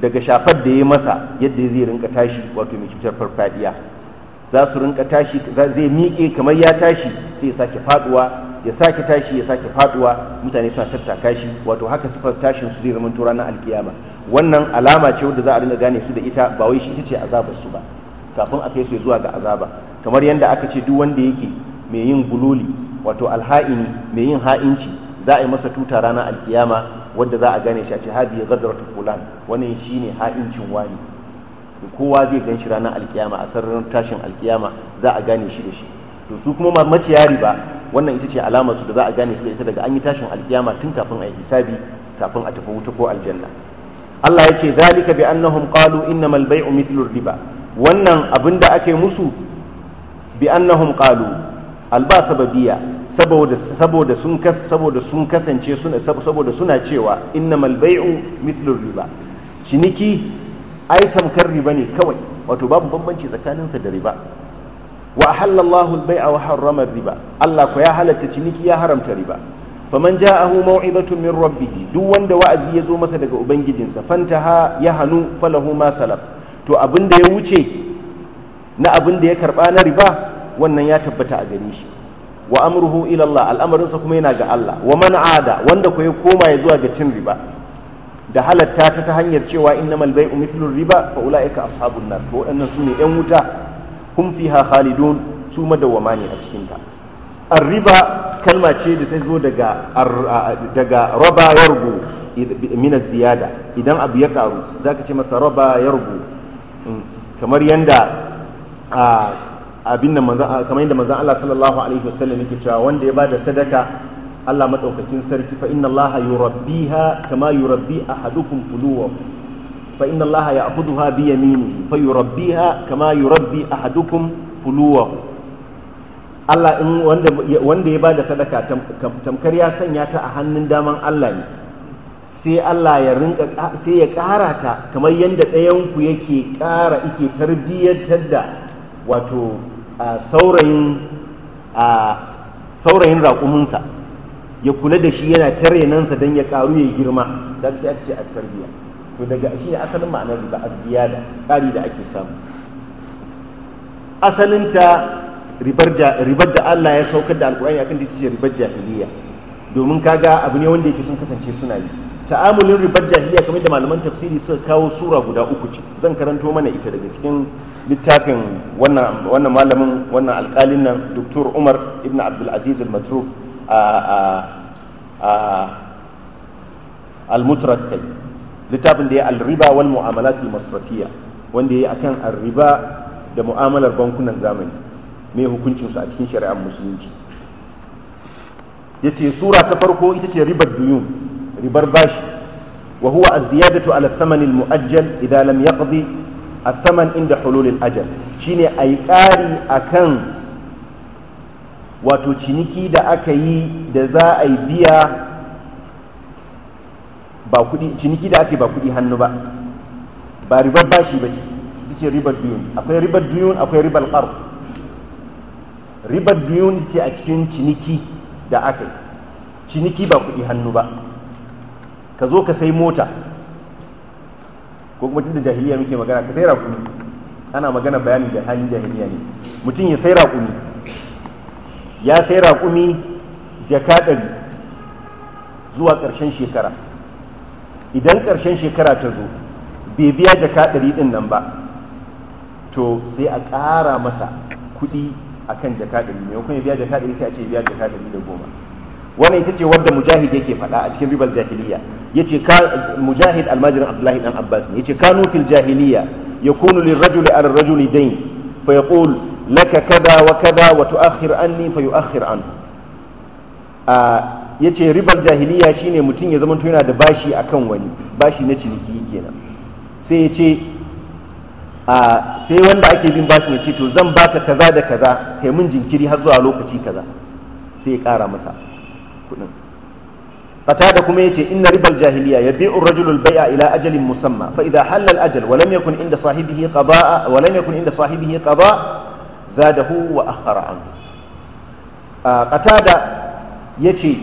Speaker 1: daga shafar da ya masa yadda zai rinka tashi wato mai cutar farfadiya za su rinka tashi zai miƙe kamar ya tashi sai ya sake faduwa ya mutane suna tattaka shi wato haka sifar tashin su zai zama ranar alkiyama wannan alama ce wanda za a dinga gane su da ita ba wai shi ita ce azabar su ba kafin a kai su zuwa ga azaba kamar yadda aka ce duk wanda yake mai yin gululi wato alha'ini mai yin ha'inci za a yi masa tuta ranar alkiyama wadda za a gane shi a ce hadi gadratu fulan wannan shine ha'incin wani kowa zai gan shi ranar alkiyama a sararin tashin alkiyama za a gane shi da shi to su kuma maciya riba wannan ita ce alamar su da za a gane su da ita daga an yi tashin alkiyama tun kafin a yi hisabi kafin a tafi wuta ko aljanna Allah ya ce zalika bi annahum qalu innamal bai'u mithlu riba wannan abinda ake musu bi annahum qalu alba saboda saboda sun kas saboda sun kasance suna saboda suna cewa innamal bai'u mithlu riba ciniki ai tamkar riba ne kawai wato babu bambanci tsakaninsa da riba wa ahallallahu al-bai'a wa harrama riba Allah ko ya halatta ciniki ya haramta riba faman ja'ahu maw'izatun min rabbih duk wanda wa'azi ya zo masa daga ubangijinsa fantaha ya hanu falahu ma salaf to abin da ya wuce na abin da ya karba na riba wannan ya tabbata a gare shi wa amruhu ila Allah al'amarinsa kuma yana ga Allah wa man ada wanda ko ya koma ya zuwa ga cin riba da halatta ta ta hanyar cewa in innamal bai'u mithlu riba fa ulaika ashabun nar to waɗannan ne yan wuta hum fiha khalidun su madawwama ne a cikin ta arriba kalma ce da ta zo daga raba yargo mina ziyada idan abu ya karu za ce masa raba yargo hmm. kamar yadda abin da sallallahu alaihi wasallam yake cewa wanda ya ba da sadaka Allah madaukakin sarki fa inna Allah yurabbiha kama yurabbi ahadukum fuluwa fa inna Allah ya'khudhuha bi yaminihi fa yurabbiha kama yurabbi ahadukum fuluwa Allah in wanda ya bada sadaka tamkar ya sanya ta a hannun daman Allah ne sai Allah ya rinka sai ya ƙara ta kamar yadda ɗayan ku yake ƙara yake tarbiyyantar da wato saurayin saurayin raƙuminsa ya kula da shi yana ta renansa don ya ƙaru ya girma da sai ake a tarbiyya to daga shi ne asalin ma'anar da ziyada ƙari da ake samu asalinta ribar da Allah ya saukar da alkur'ani akan da ce ribar jahiliya domin kaga abu ne wanda yake sun kasance suna yi ta'amulin ribar jahiliya kamar da malaman tafsiri suka kawo sura guda uku ce zan karanto mana ita daga cikin littafin wannan malamin wannan alƙalin nan Dr. Umar Ibn Abdul Aziz Al-Matruk a al littafin da ya alriba wal mu'amalati masrafiya wanda ya akan al-riba da mu'amalar bankunan zamani me hukuncin a cikin shari'ar musulunci yace sura ta farko ita ce ribar duyun ribar bashi wa huwa az-ziyadatu ala thaman al-mu'ajjal idza lam yaqdi at-thaman inda hulul al-ajal shine ay kari akan wato ciniki da aka yi da za a yi biya ba kudi ciniki da ake ba kudi hannu ba ba ribar bashi ba ce ribar duyun akwai ribar duyun akwai ribar qard ribar duniyon ce a cikin ciniki da aka yi ciniki ba kuɗi hannu ba ka zo ka sai mota ko kuma da jahiliya muke magana ka sai raƙumi ana magana bayanin da hannun jahiliya ne mutum ya sai raƙumi ya sai raƙumi jaka ɗari zuwa ƙarshen shekara idan ƙarshen shekara ta zo bai biya jaka ɗari ɗin nan ba to sai a ƙara masa kuɗi akan jaka ɗari ne kun biya jaka ɗari sai a ce biya jaka ɗari da goma wannan ita ce wadda mujahid yake faɗa a cikin ribar jahiliya yace ka mujahid almajirin abdullahi dan abbas ne ce ka fil jahiliya yakunu lirrajuli ala rajuli dayn fa ya yaqul laka kada wa kada wa tuakhir anni fa yuakhir anhu ya ce ribar jahiliya shine mutum ya zamanto yana da bashi akan wani bashi na ciniki kenan sai ya ce a sai wanda ake bin bashi ya ce to zan baka kaza da kaza kai mun jinkiri har zuwa lokaci kaza sai ya kara masa kuɗin da kuma yace inna ribal jahiliya yabi'u ar-rajulu al-bay'a ila ajalin musamma fa idha halla al-ajal wa lam yakun inda sahibihi qada'a wa lam yakun inda sahibihi qada' zadahu wa akhara anhu qatada yace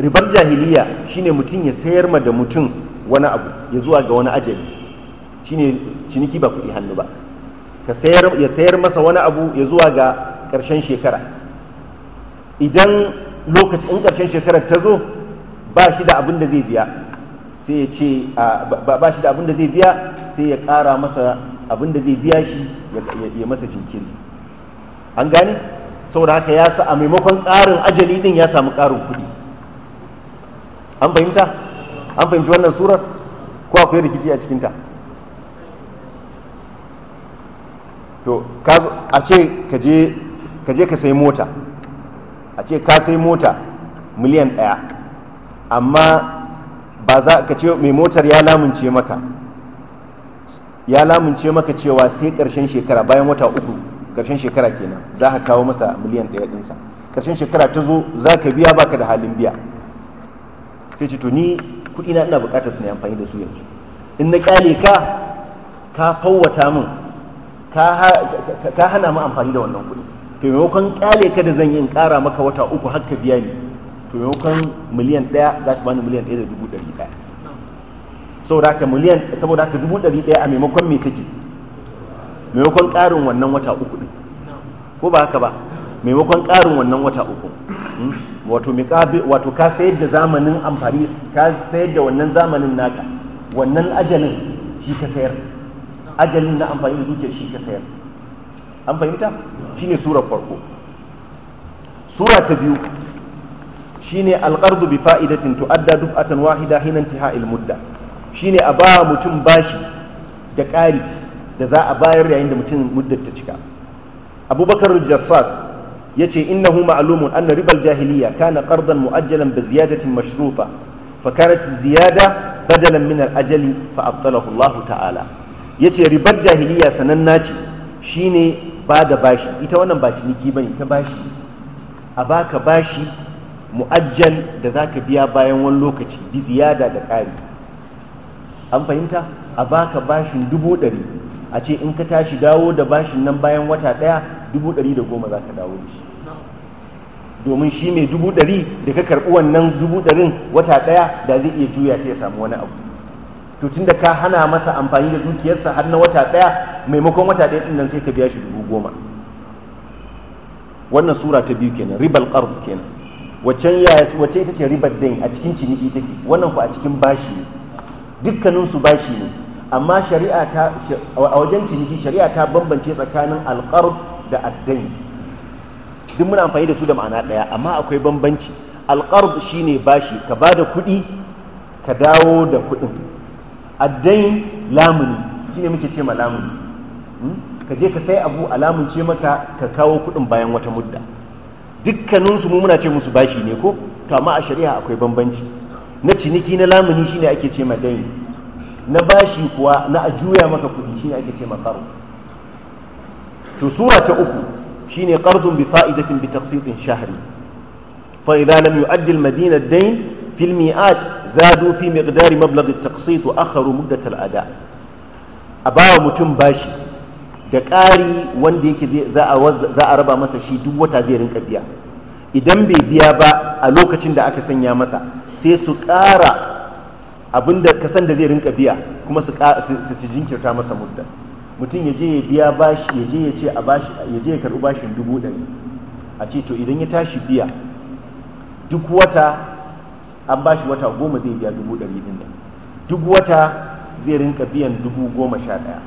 Speaker 1: ribar jahiliya shine mutum ya sayar ma da mutum wani abu ya zuwa ga wani ajali shine ciniki ba kuɗi hannu ba ka sayar ya sayar masa wani abu ya zuwa ga karshen shekara idan lokaci in karshen shekarar ta zo ba shi da abin da zai biya sai ya ce ba shi da abin da zai biya sai ya kara masa abin da zai biya shi ya masa jinkiri an gane saboda haka ya sa a maimakon ƙarin ajali din ya samu ƙarin kuɗi an fahimta an fahimci wannan surar ko akwai rikici a cikinta to a ce ka je ka sai mota a ce ka sai mota miliyan ɗaya amma ba za ka ce mai motar ya lamunce maka ya lamunce maka cewa sai ƙarshen shekara bayan wata uku ƙarshen shekara kenan za ka kawo masa miliyan ɗaya ɗinsa ƙarshen shekara ta zo za ka biya baka da halin biya sai ce to ni kuɗi na ina buƙatar su ne amfani da su yanzu in na ƙyale ka ka fawwata min ka hana mu amfani da wannan kuɗi to maimakon kyale ka da zan yi in ƙara maka wata uku har ka biya ni to maimakon miliyan ɗaya za ka bani miliyan ɗaya da dubu ɗari ɗaya saboda haka miliyan saboda haka dubu ɗari ɗaya a maimakon me take maimakon ƙarin wannan wata uku ɗin ko ba haka ba maimakon ƙarin wannan wata uku hmm? wato wato ka sayar da zamanin amfani ka sayar da wannan zamanin naka wannan ajalin shi ka sayar ajalin na amfani da dukiyar shi ka sayar an fahimta ne surar farko sura ta biyu shine alqardu bi fa'idatin tu'adda duf'atan wahida hina intiha'il mudda shine a ba mutum bashi da ƙari da za a bayar yayin da mutum muddar ta cika abubakar jassas ya ce hu ma'lumun anna ribal jahiliya kana qardan mu'ajjalan bi ziyadatin mashruta fa kanat ziyada badalan min al-ajali fa abtalahu Allah ta'ala ya ce ribar jahiliya sananna ce shine ba da bashi ita wannan ba ciniki ba ne ta bashi a baka bashi mu'ajjal da zaka biya bayan wani lokaci bi ziyada da ƙari an fahimta a baka bashin dubu ɗari a ce in ka tashi dawo da bashin nan bayan wata ɗaya dubu ɗari da goma za ka dawo da shi domin shi mai dubu ɗari da ka karɓi wannan dubu ɗarin wata ɗaya da zai iya juya ta ya samu wani abu to tunda ka hana masa amfani da dukiyarsa har na wata daya maimakon wata daya din nan sai ka biya shi dubu goma wannan sura ta biyu kenan ribal qard kenan waccan ya wacce ita ce ribar dain a cikin ciniki take wannan ku a cikin bashi ne dukkanin su bashi ne amma shari'a ta a wajen ciniki shari'a ta bambance tsakanin alqard da addain duk muna amfani da su da ma'ana daya amma akwai bambanci alqard shine bashi ka bada kuɗi ka dawo da kuɗin addain lamuni ne muke ce ma lamuni hmm? ka je ka sai abu a lamunce maka ka kawo kuɗin bayan wata mudda dukkaninsu mu muna ce musu bashi ne ko to amma a shari'a akwai bambanci na ciniki na lamuni shine ake ce ma dain na bashi kuwa na a juya maka kuɗi shine ake ce ma qard to sura ta uku shine qardun bi fa'idatin bi taqsitin shahri fa idza lam yu'addi al-madina ad في الميعاد زادوا في مقدار مبلغ التقسيط وأخروا مدة a bawa متم باشي da ƙari wanda yake za a raba masa shi duk wata zai rinka biya idan bai biya ba a lokacin da aka sanya masa sai su ƙara abin da kasan da zai rinka biya kuma su jinkirta masa mudda mutum ya je ya biya bashi ya je ya ce a bashi ya je ya karɓi bashin dubu ɗari a ce to idan ya tashi biya duk wata an ba shi wata goma zai biya dubu ɗari ɗin nan duk wata zai rinka biyan dubu goma sha ɗaya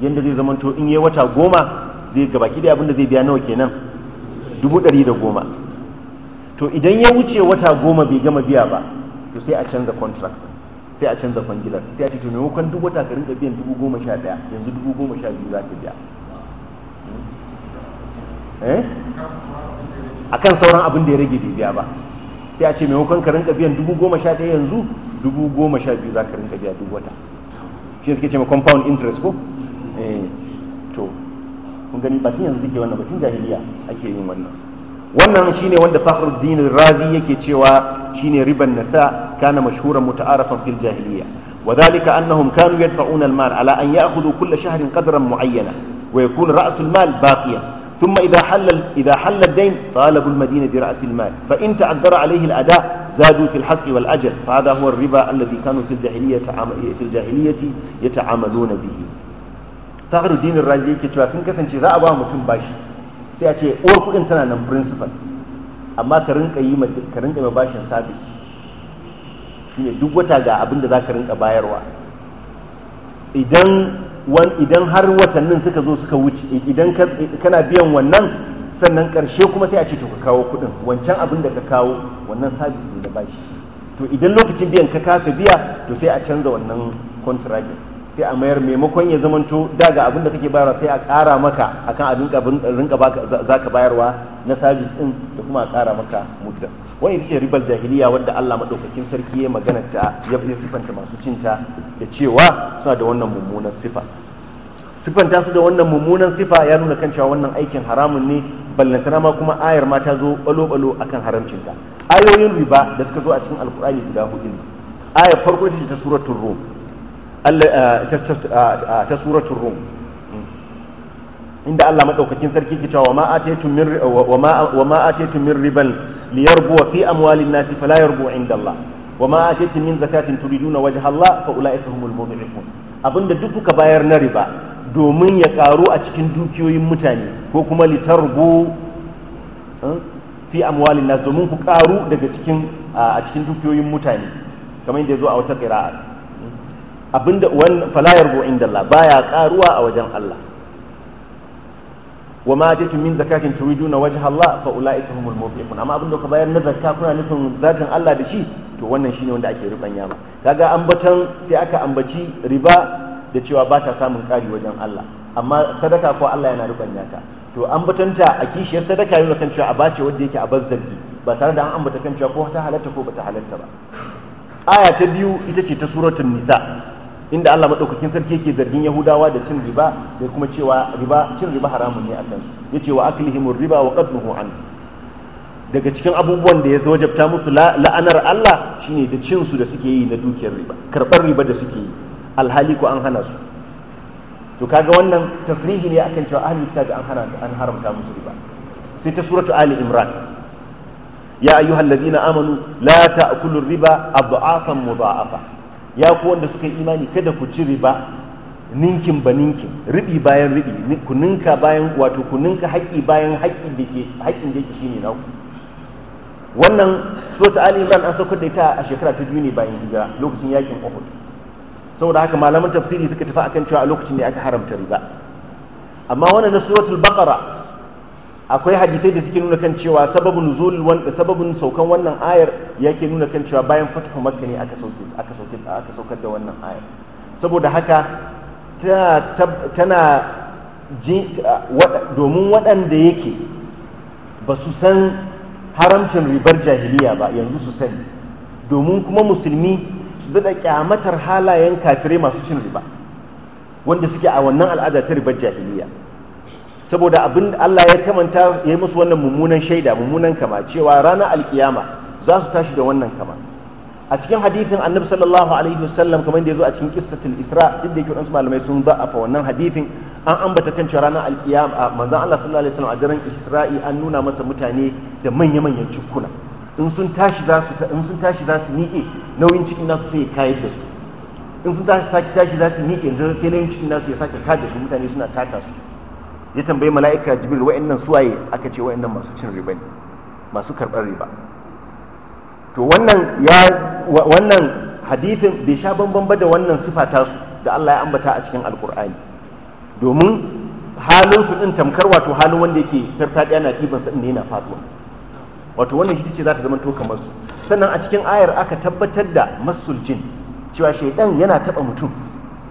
Speaker 1: yadda zai zama to in yi wata goma zai gabaki da abinda zai biya nawa kenan dubu ɗari da goma to idan ya wuce wata goma bai gama biya ba to sai a canza contract sai a canza kwangilar sai a ce to maimakon duk wata ka rinka biyan dubu goma sha ɗaya yanzu dubu goma sha biyu za ka biya eh? a kan sauran abin da ya rage bai biya ba sai a ce maimakon ka rinka biyan dubu goma sha ɗaya yanzu dubu goma sha biyu za ka rinka biya duk wata shi suke ce ma compound interest ko eh, to kun gani batun yanzu suke wannan batun jahiliya ake yin wannan wannan shine wanda fakhruddin razi yake cewa shine riban nasa kana mashhuran muta'arafan fil jahiliya وذلك أنهم كانوا يدفعون المال على أن يأخذوا كل شهر قدرا معينا ويكون رأس المال باقيا ثم إذا حل إذا حل الدين طالبوا المدينة برأس المال فإن تعذر عليه الأداء زادوا في الحق والأجل فهذا هو الربا الذي كانوا في الجاهلية في الجاهلية يتعاملون به تغر الدين الرازي كتوا سن كسance za a ba mutum bashi sai a ce uwar kudin tana nan principal amma ka rinka yi ka rinka mai bashin service shine duk wata ga abin da zaka rinka bayarwa idan idan har watannin suka zo suka wuce idan kana biyan wannan sannan karshe kuma sai a ce to ka kawo kuɗin wancan abin da ka kawo wannan sabis ne da bashi to idan lokacin biyan ka kasa biya to sai a canza wannan contract sai a mayar maimakon ya zamanto daga abin da kake bayarwa sai a kara maka akan abin rinka za ka bayarwa na sabis din da kuma a kara maka muddin wani ita ce ribar jahiliya wadda Allah maɗaukakin sarki ya magana ta ya sifanta masu cinta da cewa suna da wannan mummunan sifa sifanta su da wannan mummunan sifa ya nuna kan cewa wannan aikin haramun ne ballantana ma kuma ayar ma ta zo balo-balo akan haramcinta ayoyin riba da suka zo a cikin alkur'ani guda hudu ne ayar farko ita ce ta suratul rum eh, eh, ta suratul rum inda Allah madaukakin sarki ke cewa wa ma ataytum wa ma ataytum min riban liyarbu fi amwalin nasi fala yarbu inda Allah wa ma atati min zakatin turiduna wajha Allah fa ulaika humul mudhifun abinda duk kuka bayar na riba domin ya karu a cikin dukiyoyin mutane ko kuma litarbu eh, fi amwalin nas domin ku karu daga cikin a cikin dukiyoyin mutane kamar yadda zo a wata qira'a abinda wannan fala yarbu inda Allah baya karuwa a wajen Allah wa ma jatu min zakatin turiduna wajha Allah fa ulaika humul muflihun amma abin da ka bayar na zakka kuna nufin zatin Allah da shi to wannan shine wanda ake rubanya ma kaga ambatan sai aka ambaci riba da cewa ba ta samun kari wajen Allah amma sadaka ko Allah yana rubanya ta to ambatanta a kishiyar sadaka yana kan cewa a bace wanda yake a bazzalbi ba tare da an ambata kan cewa ko ta halatta ko ba ta halatta ba aya ta biyu ita ce ta suratul nisa inda Allah madaukakin sarki yake zargin Yahudawa da cin riba da kuma cewa riba cin riba haramun ne a Ya yace wa aklihimur riba wa qadnuhu an daga cikin abubuwan da ya wajabta musu la'anar Allah shine da cin su da suke yi na dukiyar riba karbar riba da suke yi alhali ko an hana su to kaga wannan tasrihi ne akan cewa ahli kitab an hana an haramta musu riba sai ta suratu ali imran ya ayyuhalladhina amanu la ta'kulu riba adha'afan mudha'afa ya ku wanda suka yi imani kada ku ci riba ninkin ba ninkin ribi bayan ribi ku ninka bayan wato ku ninka haƙƙi bayan haƙƙin da ke haƙƙin da ke shine wannan sota ali imran an saukar da ita a shekara ta biyu ne bayan hijira lokacin yakin uhud saboda haka malaman tafsiri suka tafi akan cewa a lokacin ne aka haramta riba amma wannan na suratul baqara akwai hadisai da suke nuna kan cewa sababin nuzul wanda sababin saukan wannan ayar yake nuna kan cewa bayan fatahu makka ne aka sauke aka sauke aka saukar da wannan ayar saboda haka tana domin waɗanda yake ba su san haramcin ribar jahiliya ba yanzu su sani domin kuma musulmi su daɗa kyamatar halayen kafirai masu cin riba wanda suke a wannan al'ada ta ribar jahiliya saboda abin Allah ya kamanta ya yi musu wannan mummunan shaida mummunan kama cewa ranar alkiyama za su tashi da wannan kama a cikin hadithin annabi sallallahu alaihi wasallam kamar da ya zo a cikin qissatul isra duk da yake wadansu malamai sun da'afa wannan hadithin an ambata kan cewa ranar alkiyama manzan Allah sallallahu alaihi wasallam a daren isra'i an nuna masa mutane da manya-manyan cikuna in sun tashi za su in sun tashi za su miƙe nauyin cikin nasu sai ya kayar da su in sun tashi tashi za su miƙe nauyin cikin nasu ya sake kada su mutane suna taka su ya tambayi mala'ika jibril wa'annan suwaye aka ce wa'annan masu cin riba ne masu karɓar riba to wannan ya wannan hadithin bai sha bambam da wannan sifa ta su da Allah ya ambata a cikin alkur'ani domin halin su din tamkar wato halin wanda yake farfadiya na ɗiban sa ne yana faduwa wato wannan shi ce za ta zama to kamar su sannan a cikin ayar aka tabbatar da masul jin cewa shaydan yana taba mutum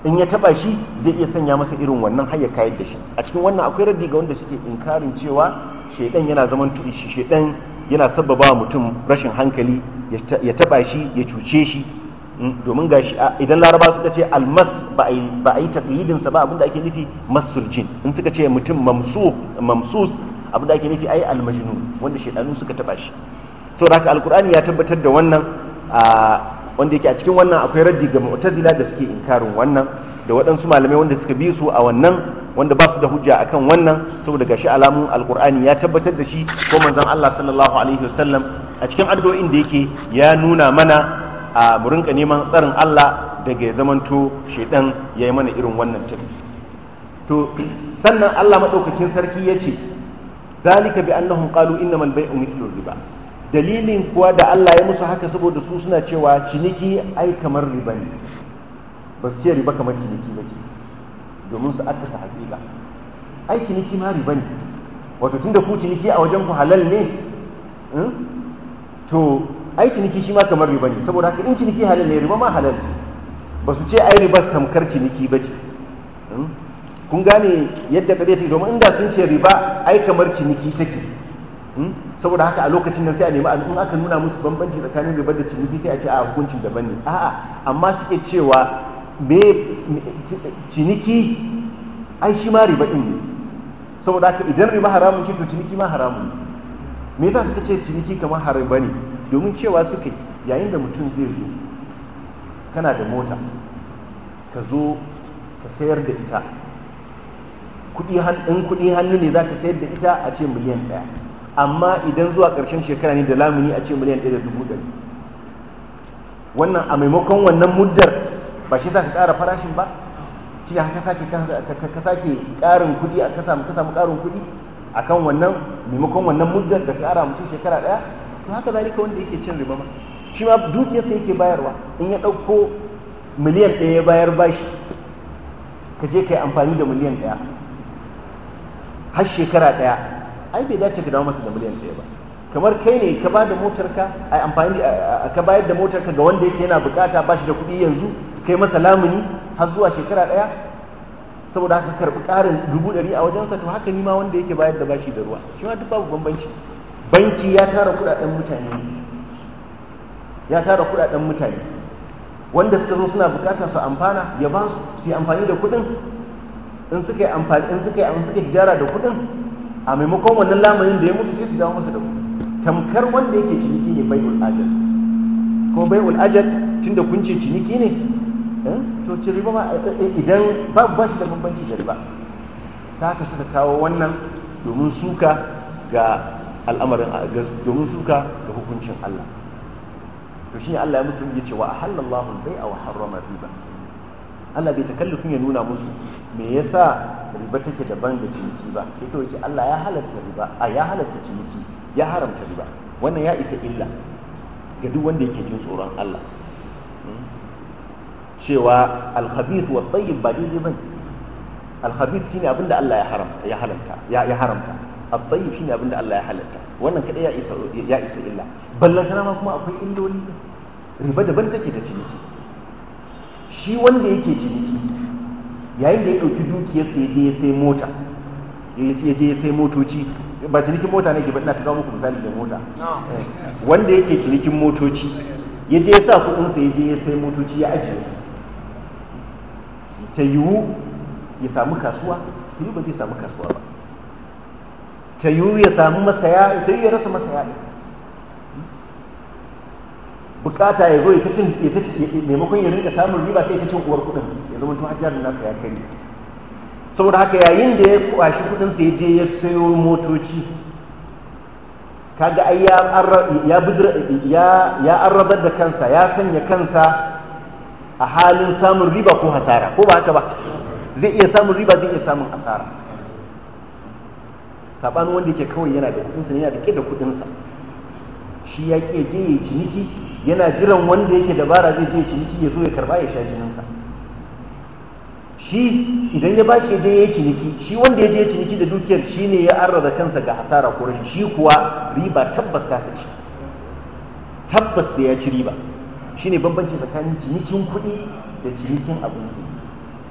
Speaker 1: in ya taba shi zai iya sanya masa irin wannan har ya da shi a cikin wannan akwai rabbi ga wanda suke inkarin cewa shedan yana zaman shi shedan yana wa mutum rashin hankali ya taba shi ya cuce shi hmm, domin ga shi idan laraba suka ce almas ba a yi taƙidin sa ba abinda ake nufi masurjin in suka ce mutum mamsus abinda ake nufi ai almajinu wanda shedanu suka taba shi so da alkur'ani ya tabbatar da wannan wanda yake a cikin wannan akwai raddi ga mu'tazila da suke inkarin wannan da waɗansu malamai wanda suka bi su a wannan wanda ba su da hujja akan wannan saboda gashi alamun alkur'ani ya tabbatar da shi ko manzon Allah sallallahu alaihi wasallam a cikin addu'o'in da yake ya nuna mana a mu rinka neman tsarin Allah daga zamanto shedan yayi mana irin wannan tafi to sannan Allah madaukakin sarki ya yace zalika bi annahum qalu innamal bay'u mithlu riba dalilin kuwa da Allah ya musu haka saboda su suna cewa ciniki ai kamar riba ne ba su ce riba kamar ciniki ba ce domin su akasa hakika ai ciniki ma riba ne wato tunda ku ciniki a wajen ku halal ne hmm? to ai ciniki shi ma kamar riba ne saboda haka in ciniki halal ne riba ma halal ce ba su ce ai riba tamkar ciniki ba ce hmm? kun gane yadda kare take domin inda sun ce riba ai kamar ciniki take Hmm? saboda haka a lokacin nan sai a nemi in aka nuna musu bambanci tsakanin riba da ciniki sai a ce a hukuncin daban ne a'a amma suke cewa ciniki ai shi ma riba din ne saboda haka idan riba haramun ce to ciniki ma haramun ne me yasa suka ce ciniki kamar hariba ne domin cewa suke yayin da mutum zai zo kana da mota ka zo ka sayar da ita kudi kuɗi hannu ne za ka sayar da ita a ce miliyan ɗaya amma idan zuwa ƙarshen shekara ne da lamuni a ce miliyan ɗaya da dubu ɗari wannan a maimakon wannan muddar ba shi za ka ƙara farashin ba shi ka sake ka sake ƙarin kuɗi a ka samu ƙarin kuɗi a kan wannan maimakon wannan muddar da ƙara mutum shekara ɗaya to haka zalika wanda yake cin riba ma shi ma dukiyarsa yake bayarwa in ya ɗauko miliyan ɗaya ya bayar bashi ka je ka yi amfani da miliyan ɗaya har shekara ɗaya ai bai dace ka dawo masa da miliyan ɗaya ba kamar kai ne ka bada motarka a amfani ka bayar da motarka ga wanda yake yana bukata ba shi da kuɗi yanzu kai masa lamuni har zuwa shekara ɗaya saboda haka karɓi ƙarin dubu ɗari a wajensa to haka nima wanda yake bayar da bashi da ruwa shi ma duk babu bambanci banki ya tara kuɗaɗen mutane ya tara kuɗaɗen mutane wanda suka zo suna bukata su amfana ya ba su su yi amfani da kuɗin in suka yi amfani in suka yi amfani suka tijara da kuɗin a maimakon wannan lamarin da ya mutu sai su dawo masa da ku tamkar wanda yake ciniki ne bai ul'ajal ko bai ul'ajal tunda kun ce ciniki ne eh, to ce riba ma eh, eh, idan ba ba shi da bambanci da riba ta haka suka kawo wannan domin suka ga al'amarin domin suka ga hukuncin Allah to shi Allah ya musu yi ce wa ahallallahu al-bai'a wa harrama riba Allah bai takallufin ya nuna musu me yasa riba take daban da ciniki ba sai kawai ce Allah ya halatta riba a ya halatta ciniki ya haramta riba wannan ya isa illa ga duk wanda yake jin tsoron Allah hmm? cewa al-khabith wa tayyib ba daidai al-khabith shine abin da Allah ya haramta ya haramta ya haramta at-tayyib shine abin da Allah ya halatta wannan kada ya isa ya isa illa ballan kana ma kuma akwai illoli riba daban take da ciniki shi wanda yake ciniki yayin da ya ɗauki dukiyarsa ya je ya sai mota ya je ya sai motoci ba cinikin mota ne ke ba ina ta kawo muku misali da mota eh, wanda yake cinikin motoci ya je ya sa kuɗinsa ya je ya sai motoci ya ajiye su ta yiwu ya samu kasuwa ta ba zai samu kasuwa ba ta yiwu ya samu masaya ta yiwu ya rasa masaya ne bukata ya zo ya ta cin maimakon ya rinka samun riba sai ta cin uwar kuɗin ya zama tun hajjar nasa ya kai saboda haka yayin da ya kwashi kudin sai je ya sayo motoci kaga ai ya ya ya ya arrabar da kansa ya sanya kansa a halin samun riba ko hasara ko ba haka ba zai iya samun riba zai iya samun asara sabanin wanda yake kawai yana da kuɗinsa yana da da kuɗinsa shi ya ƙi je ya ciniki yana jiran wanda yake dabara zai je ciniki ya zo ya karba ya sha jininsa shi idan ya bashi ya je ya ciniki shi wanda ya je ya ciniki da dukiyar shi ne ya arraza kansa ga hasara ko rashin shi kuwa riba tabbas ta sace tabbas sai ya ci riba shi ne bambanci tsakanin cinikin kuɗi da cinikin abin sai